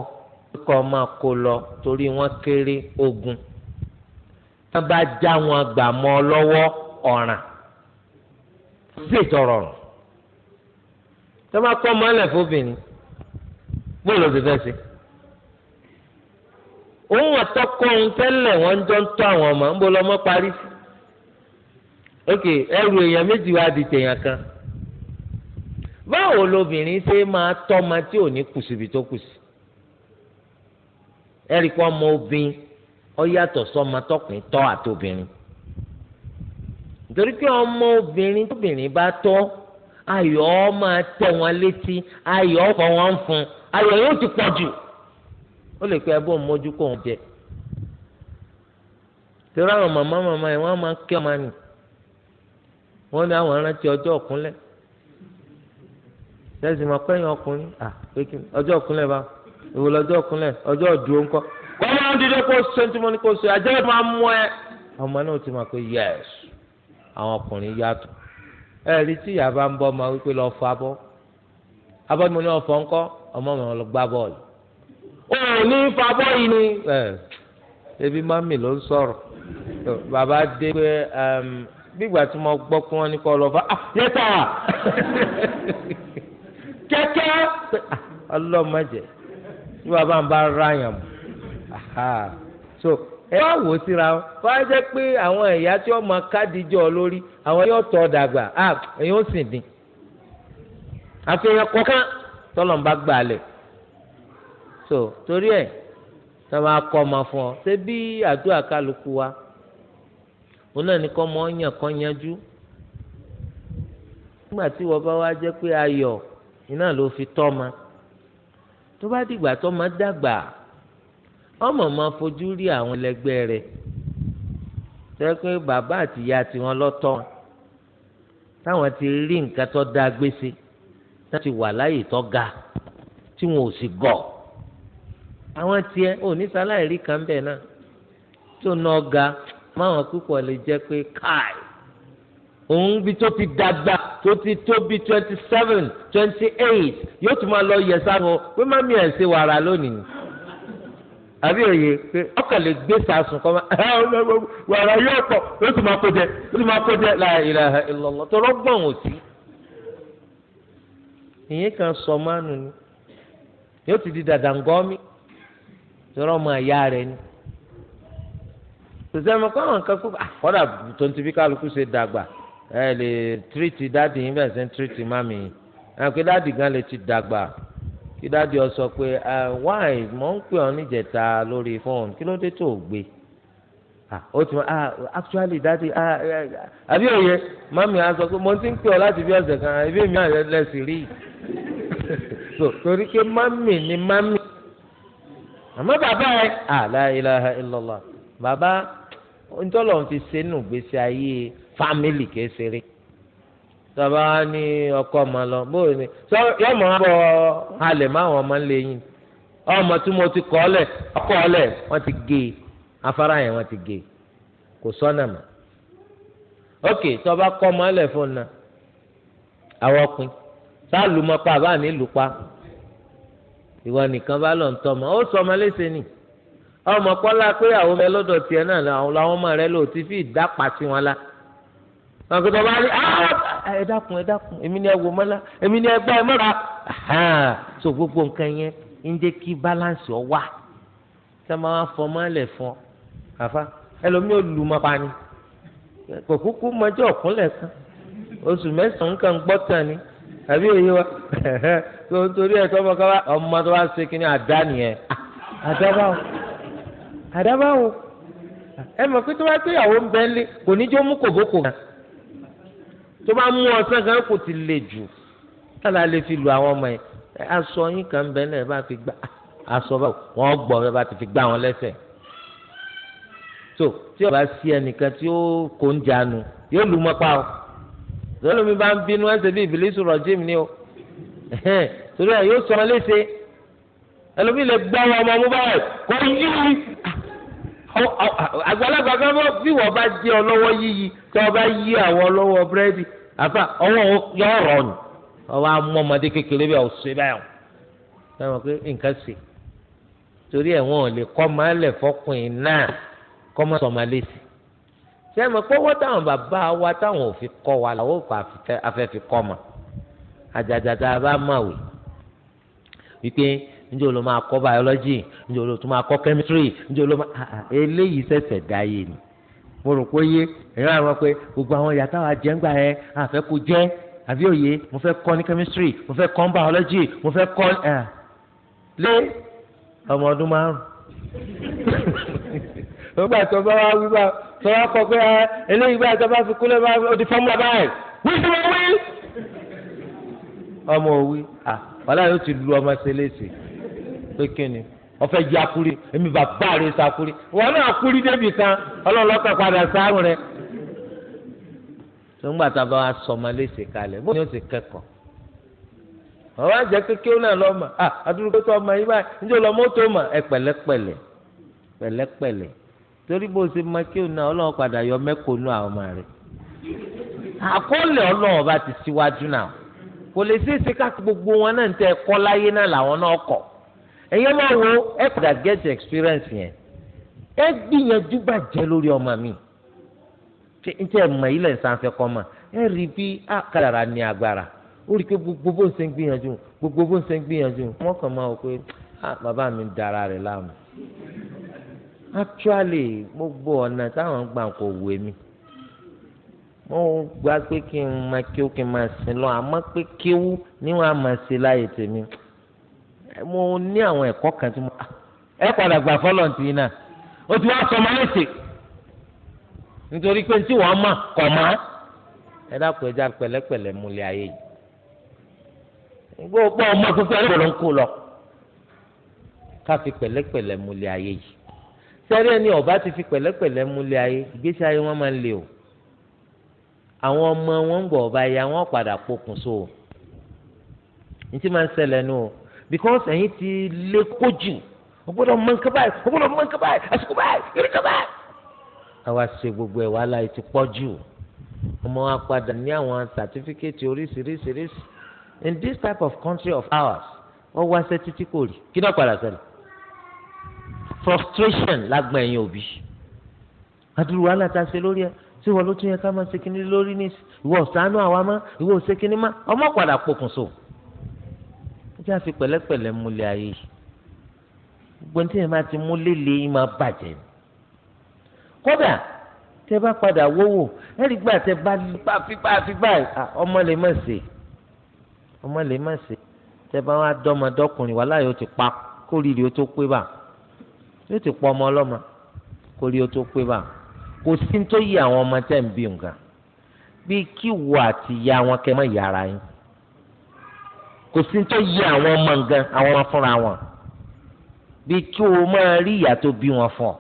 kíkọ́ ọmọ kó lọ torí wọ́n kéré ogun tí wọ́n bá já wọn gbà mọ́ ọ lọ́wọ́ ọ̀ràn sí ìtọ̀rọ̀ rùn tí wọ́n bá kọ́ ọmọ ẹlẹ̀ fóbìnrin bóòlù ti fẹ́ sí òun àtọkọ òun tẹ́lẹ̀ wọ́n jọ ń tọ́ àwọn ọmọ ń bọ́ lọ́mọ parí ok ẹrù èèyàn méjì wá di tèèyàn kan. báwo lobìnrin ṣe máa tọ́mọ tí ò ní kùsùbí tó kùsù ẹ̀rí kọ́ ọmọ obìnrin ó yàtọ̀ sọ́mọ tọkùnrin tọ́ àtobìnrin nítorí pé ọmọ obìnrin tóbìnrin bá tọ́ ayọ̀ ọ́ máa tẹ̀ wọn létí ayọ̀ ọ́ fọ wọn fún ayọ̀ yóò ti pọ̀ jù ó lè pe ẹbọ mójú kó wọn jẹ torí àwọn màmá màmá yẹn wọ́n máa kí ọmọ nì wọ́n ní àwọn arántí ọjọ́ ọ̀kúnlẹ̀ tẹ́sí ma pẹ́yìn ọkùnrin à pékin ọjọ́ ọkùnrin bá ìwò lọ́jọ́ ọkùnrin ọjọ́ ọ̀dùn ńkọ́ kọ́lá ń dídé kó ṣe tí mo ní kó ṣe àjẹ́ máa mú ẹ. ọmọ náà ti máa pé yẹs àwọn ọkùnrin yàtọ̀ ẹ rí tí ìyá bá ń bọ́ ọmọ wípé lọ́ọ́ fọ abọ́ abọ́ ni mo ní ọ̀fọ́ ńkọ́ ọmọ mi lọ gbá bọ́ọ̀lù. o ò ní fa bọ́ọ̀lù ni. ẹ ẹbí mami ló ń sọ̀rọ̀ bàbá dé pé bígbà tí mo gbọ́ pé wọ́n ní kọ́ lọ fa kẹ́kẹ́ ah, ọlọ́mọdé ní bàbá mi bá ra yàn mọ́ so ẹ wá wò síra wọn kọ́ ẹ jẹ́ pé àwọn ẹ̀yà tí wọ́n máa kádìjọ́ lórí àwọn yóò tọ́ dàgbà ah èyàn ó sì dín àfihàn kọ̀ọ̀kan tọ́lọ̀ ń bá gbà lẹ̀ so torí ẹ̀ tó máa kọ́ ọmọ fún ọ ṣé bí àdúrà kálukú wa òun náà ní kọ́ ọmọ ọ̀yàn kan yanjú nígbà tí wọ́n bá wá jẹ́ pé ayọ̀ iná ló fi tọ́ ma tó bá dìgbà tó ma dàgbà ọmọ máa fojú rí àwọn ẹlẹgbẹ́ rẹ̀ tẹ́ pé bàbá àti ìyá tiwọn lọ́tọ́ táwọn ti rí nǹkan tó dáa gbèsè tó ti wà láyè tó ga tí wọn ò sì gọ̀ àwọn tiẹ̀ oníṣàlàyé rí kan bẹ́ẹ̀ náà tó ná ọ̀gá máwọn púpọ̀ lè jẹ́ pé káì òun bí tó ti dàgbà tó ti tó bí twenty seven twenty eight yóò tún máa lọ yẹ sáwọn pé má mi ẹ̀ ṣe wàrà lónìí àbí òye pé ọkàn lè gbé sàásùn kọ́ máa ah, wàrà yóò pọ̀ yóò tún máa kó jẹ yóò tún máa kó jẹ la ilaha illallah tó lọ́gbọ̀n ò sí. ìyẹn kan sọ mánu ni yóò ti di dàdàngọ́mí tọ́rọ mọ àyà rẹ ni tòṣẹ́ mi kọ́ àwọn nǹkan kó ah, kọ́dà tó ń bí kálukú ṣe dàgbà. ẹ lè tírìtì dadi yín bẹ́ẹ̀ sẹ́ ń mami yín ẹ pé dáàdì gan lè ti dàgbà kí dáàdì ọ sọ pé ẹ wáì mọ̀ ń pè ọ́ níjẹta lórí fóònù kí ló dé tó o gbé ah, ah actually ah, eh, eh, ah àbí òye mami á sọ pé mo ti ń pè ọ́ láti bí ọ̀sẹ̀ kan ẹbí mi si lẹ́sìn rí so torí pé mami ni mami àmọ́ bàbá ẹ ah la ilaha illallah bàbá ntọ́lọ́run ti ṣe nù gbèsè ayé. Family kìí ṣeré tọ́ba ní ọkọ ọmọ lọ bóyá ni sọ yọmọ bọ halẹ̀ máwọn ọmọ ńlẹ̀ yìí ọmọ tí mo ti kọ́ ọ lẹ̀ ọkọ ọ lẹ̀ wọ́n ti gé e afárá yẹn wọ́n ti gé e kò sọ́nà mọ́ ókè tọ́ba kọ́ ọmọ ẹlẹ̀ fún un àwọn ọkùnrin sáà lù pa àbá ní pa ìwọ nìkan bá lọ ń tọmọ ó sọ ọmọ léṣe ni ọmọ kọ́lá pé àwọn ọmọ ẹlọ́dọ̀ tiẹ̀ náà làwọn ọmọ rẹ lò ti fi ìdápa sí wọn la wọn kò tó bá rí ah, ẹ dákun ẹ dákun èmi ni ẹ wò mọ́lá èmi ni ẹ gbá ẹ mọ́ra so gbogbo nǹkan yẹn ń jẹ́ kí balance ọ wà sọ ma wá fọ mọ́ ẹlẹ̀ fún ọ àfa ẹlòmíì olùmọ̀ pani kò kúkú mọ́jọ́ ọ̀kúnlẹ̀ kan oṣù mẹ́sàn-án kan gbọ́ tán ni àbí òye wa tó ń torí ẹ̀ tọ́mọ ká ọmọ tó bá ṣe kínní àdá nìyẹn àdábáwò àdábáwò ẹ mọ̀ pé tó bá pé ń bẹ́ńlé kò ní jó mú kòbókò kan tó bá mú ọsán kan kò ti lè jù kálá lè fi lu àwọn ọmọ yẹn aṣọ yín kan bẹ náà bá fi gbá ah, aṣọ wọn gbọ bẹ bá ti fi gbá wọn lẹ́sẹ̀ tó tí ọba sí ẹnìkan tí ó kó ń jánu yóò lu mọ́pá o lọ́lọ́mi bá ń bínú ẹsẹ̀ bí ìbílísù rọ̀jìm ni o torí ẹ̀ yóò sọ ọmọ léṣe ẹlòmíì lè gbá ọmọ mú báyìí kò yí àgbàlagbà kan bọ́ bí wọ́n bá jẹ́ ọlọ́wọ́ yíyí tí wọ́n bá yí àwọn ọlọ́wọ́ búrẹ́dì àfa ọwọ́ yọ ọ̀rọ̀ ni ọwọ́ amú ọmọdé kékeré bí ọ̀sẹ̀ báyọ̀ táwọn pé nǹkan sè torí ẹ̀ wọ́n ò lè kọ́ máa lẹ̀ fọkùnrin náà kọ́ máa sọ̀mọ́ lẹ́sì sẹ́mi pọ́wọ́ táwọn bàbá wa táwọn ò fi kọ́ wa làwọn kò afẹ́ fi kọ́ ma àjàjà tá a bá máa wè wípé njẹ́ olóò máa kọ́ biology njẹ́ olóò tún máa kọ́ chemistry njẹ́ olóò máa eléyìí ṣẹ̀ṣẹ̀ dáyé ni mo rò pé yé èyí wà wọn pé gbogbo àwọn ìyá táwa jẹ́ ńgbà yẹn àfẹ́ kó jẹ́ àbí òye mo fẹ́ kọ́ ní chemistry mo fẹ́ kọ́ biology mo fẹ́ kọ́ lé ọmọ ọdún márùn nígbà tó bá wá wí bá tó wá kọ pé ah, eléyìí bá tó bá fi kú lẹ́bàá ó di fọ́mùlà báyìí wí sí wọ́n wí ọmọ òwí ah, wàhálà yóò ti lu ọmọ ṣẹlẹ̀ sí i pé kíni ọfẹ jẹ akuri èmi bàbá rẹ sakuri wọn náà akuri débi kan ọlọlọkọ padà sáárùn rẹ. nígbà tá a bá wa sọmọ léṣe kalẹ̀ bó ni ó ti kẹ́kọ̀ọ́ àwọn àjẹ kékeré náà lọ mà á àdúrógbé tó ọmọ yìí báyìí níjẹ́ lọ mọ́tò mà ẹ pẹ̀lẹ́pẹ̀lẹ́ pẹ̀lẹ́pẹ̀lẹ́ torí bó ṣe mọ kí òun náà ọlọ́run padà yọ mẹ́kọ̀ọ́nù àwọn ọmọ rẹ̀ àkọọ́lẹ̀ ọlọ́run ọba ti síwájú náà kò lè ṣeé ṣe ká gbogbo wọn náà ń tẹ ẹ̀kọ́ láyé náà làwọn náà kọ̀ ẹ̀yẹ́ máa wo ẹ̀ padà get experience yẹn ẹ gbìyànjú bàjẹ́ lórí ọmọ mi ṣe n tẹ́ mọ̀ ilẹ̀ sanfẹ́ kọ́ mọ̀ ẹ rí bí àkàrà ní agbára ó rí i pé gbogbo bó ń ṣe ń gbìyànjú gbogbo bó ń ṣe ń gbìyànjú wọ́n kàn máa wò pé bàbá mi dára rẹ̀ láàmú actually gbogbo ọ̀nà táwọn ń gbà kò wù mí mo gbà pé kí n máa kíw kí n máa sin lọ àmọ́ pé kíw níwọ̀n á máa ṣe tèmi mo ní àwọn ẹ̀kọ́ kan tí mo ah, ẹ padà gbà fọlọ̀ ntì náà o ti wá sọ ma lẹ́sẹ̀ nítorí pé ntí wọ́n mọ̀ kọ̀ mọ́ ẹ dákun ẹja pẹ̀lẹ́pẹ̀lẹ́ múlẹ̀ ayé yìí gbogbo ọmọ pípẹ́ ló ń kú lọ ká fi pẹ̀lẹ́pẹ̀lẹ́ múlẹ̀ ayé yìí sẹ́rí ẹni ọba ti fi pẹ̀lẹ́pẹ̀lẹ́ múlẹ̀ ayé ìgbésí ayé wọn máa ń le o àwọn ọmọ wọn ń gbọ̀ ọba ya wọn padà pokùn so o ní ti máa ń ṣẹlẹ̀ nù o because ẹ̀yin ti lé kójú o gbọ́dọ̀ mọ nǹkan báyìí o gbọ́dọ̀ mọ nǹkan báyìí àsìkò báyìí ìrìn kan báyìí. àwa ṣe gbogbo ẹ̀ wàhálà yìí ti pọ̀ jù ọmọ wa padà ní àwọn sàtífíkẹ́tì oríṣiríṣiríṣi in this type of country of ours wọ́n wá ṣe títí kò rí kí náà padà ṣẹlẹ̀ frustration lágbọ̀n ẹ̀yin òbí adúrú wàhálà tá a ṣe lórí ẹ̀ tí wọ́n ló tún yẹ ká máa ṣe kinní lórí ní ìwọ ọ̀sánú àwa má ìwọ òṣèkiní má ọmọ padà pokùnso ẹjẹ́ àfi pẹ̀lẹ́pẹ̀lẹ́ múlẹ̀ ayé gbogbo ní tẹ́yìn bá ti mú lélẹ̀ yìí máa bàjẹ́ kódà tẹ́ bá padà wówó ẹ̀rí gbà tẹ́ bá bá fi bá fi bá ọmọ lè má ṣe ọmọ lè má ṣe tẹ́ bá wá dọ́mọdọ́kùnrin wàhálà yóò ti pa kórìrì ó tó pé bá yóò ti pọ ọmọ ọlọ́mọ kórìrì ó tó pé bá kò sí ní tó yí àwọn ọmọ tẹ́ ń bí nǹkan bíi kí wo àti ya wọn kẹ́ mọ́ ìyára yín kò sí tó yẹ àwọn ọmọ nǹkan àwọn ọmọ fúnra wọn bí kí o máa rí ìyá tó bí wọn fún ọ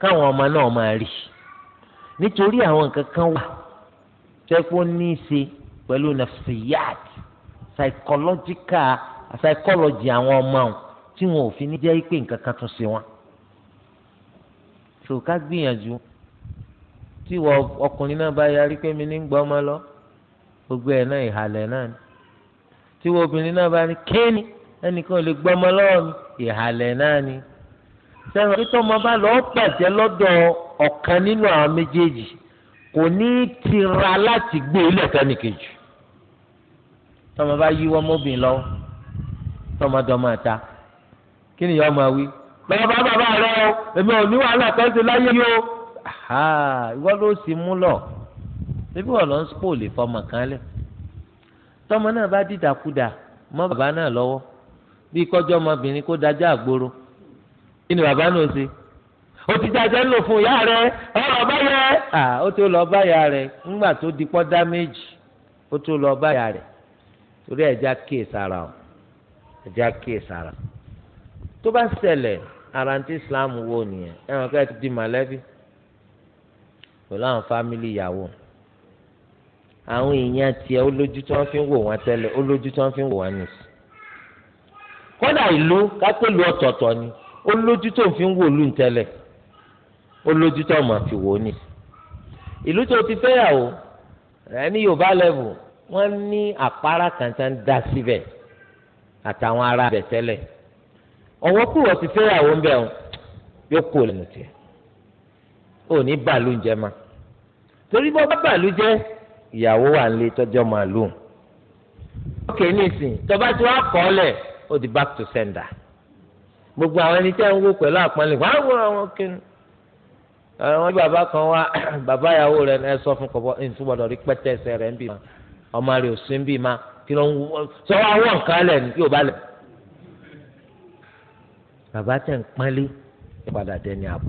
káwọn ọmọ náà máa rí nítorí àwọn nǹkan kan wà tẹ́kọ́ ní í ṣe pẹ̀lú nafsiyat psychological psychology àwọn ọmọ wọn tí wọn ò fi ní jẹ́ pé nǹkan kan tún ṣe wọn. so ká gbìyànjú tí ọkùnrin náà bá yarí pé mi ní gbọ́ ọmọ lọ gbogbo ẹ̀ náà ìhàlẹ̀ náà ni tí obìnrin náà bá ní kéènì ẹnìkan lè gbọmọ lọ́wọ́ mi ìhàlẹ̀ náà ni sẹ́wọ̀n títọ́ ọmọ bá lọ́ọ́ pàjẹ́ lọ́dọ̀ ọ̀kan nínú àwọn méjèèjì kò ní í tira láti gbé ilé e ẹ̀ka nìkejì tọ́mọ bá yíwọ́ mọ́bìnrin lọ́wọ́ tọ́mọ dọ́ máa ta kí ni yọ́ọ́ máa wí bàbá bàbá rẹ o èmi ò ní wàhálà kan ṣe láyé yìí o ìwọ ló sì mú lọ ṣébí wọn lọ ń spò lè tọmọ náà bá dìdàkudà mọ́ bàbá náà lọ́wọ́ bí kọjọ ọmọbìnrin kó dájọ àgbòrò kí ni bàbá náà ṣe ó ti dájọ ńlò fún ìyá rẹ ọlọ bá yẹ à ó tó lọ bá ìyá rẹ ńgbà tó di pọ́ dáméjì ó tó lọ bá rẹ torí ẹja kíyè sára o ẹja kíyè sára tó bá ṣẹlẹ̀ ara ní Islam wo nìyẹn ẹ̀wọ̀n ká ẹ ti di màlẹ́bí pẹ̀lú àwọn fámìlì ìyàwó àwọn èèyàn tiẹ̀ olójú tí wọ́n fi ń wò wọ́n tẹ́lẹ̀ olójú tí wọ́n fi ń wò wọ́n nìsí. kódà ìlú kápẹ́lú ọ̀tọ̀ọ̀tọ̀ ni olójú tó ń fi ń wò lù ń tẹ́lẹ̀ olójú tó máa fi wò ó nìsí. ìlú tó ti fẹ́yàwó rẹ̀ ní yorùbá lẹ́bù wọ́n ní àpárá kan ń dá síbẹ̀ àtàwọn ará bẹ̀ tẹ́lẹ̀ ọ̀wọ́ kúrò ti fẹ́yàwó ń bẹ̀ yóò kó ìyàwó wà nílé tọ́jọ́ màálùú ókè nísìn tọba tí wàá kọ́ lẹ̀ ó di back to sender gbogbo àwọn ẹni tẹ́ ń wò pẹ̀lú àpọ́nlé wàá wọ àwọn kinu àwọn bàbá kan wá bàbá ìyàwó rẹ ẹ sọ fún kọ̀bọ ẹ tún gbọdọ̀ rí pẹ́tẹ́ ẹsẹ̀ rẹ ń bì má ọmọ rẹ ò sí ń bì má kí ló ń wọ sọ wá wọ̀ nǹkan lẹ̀ ní yóò bá lẹ̀ bàbá tẹ̀ ń pọ́nlé padà dẹni àbò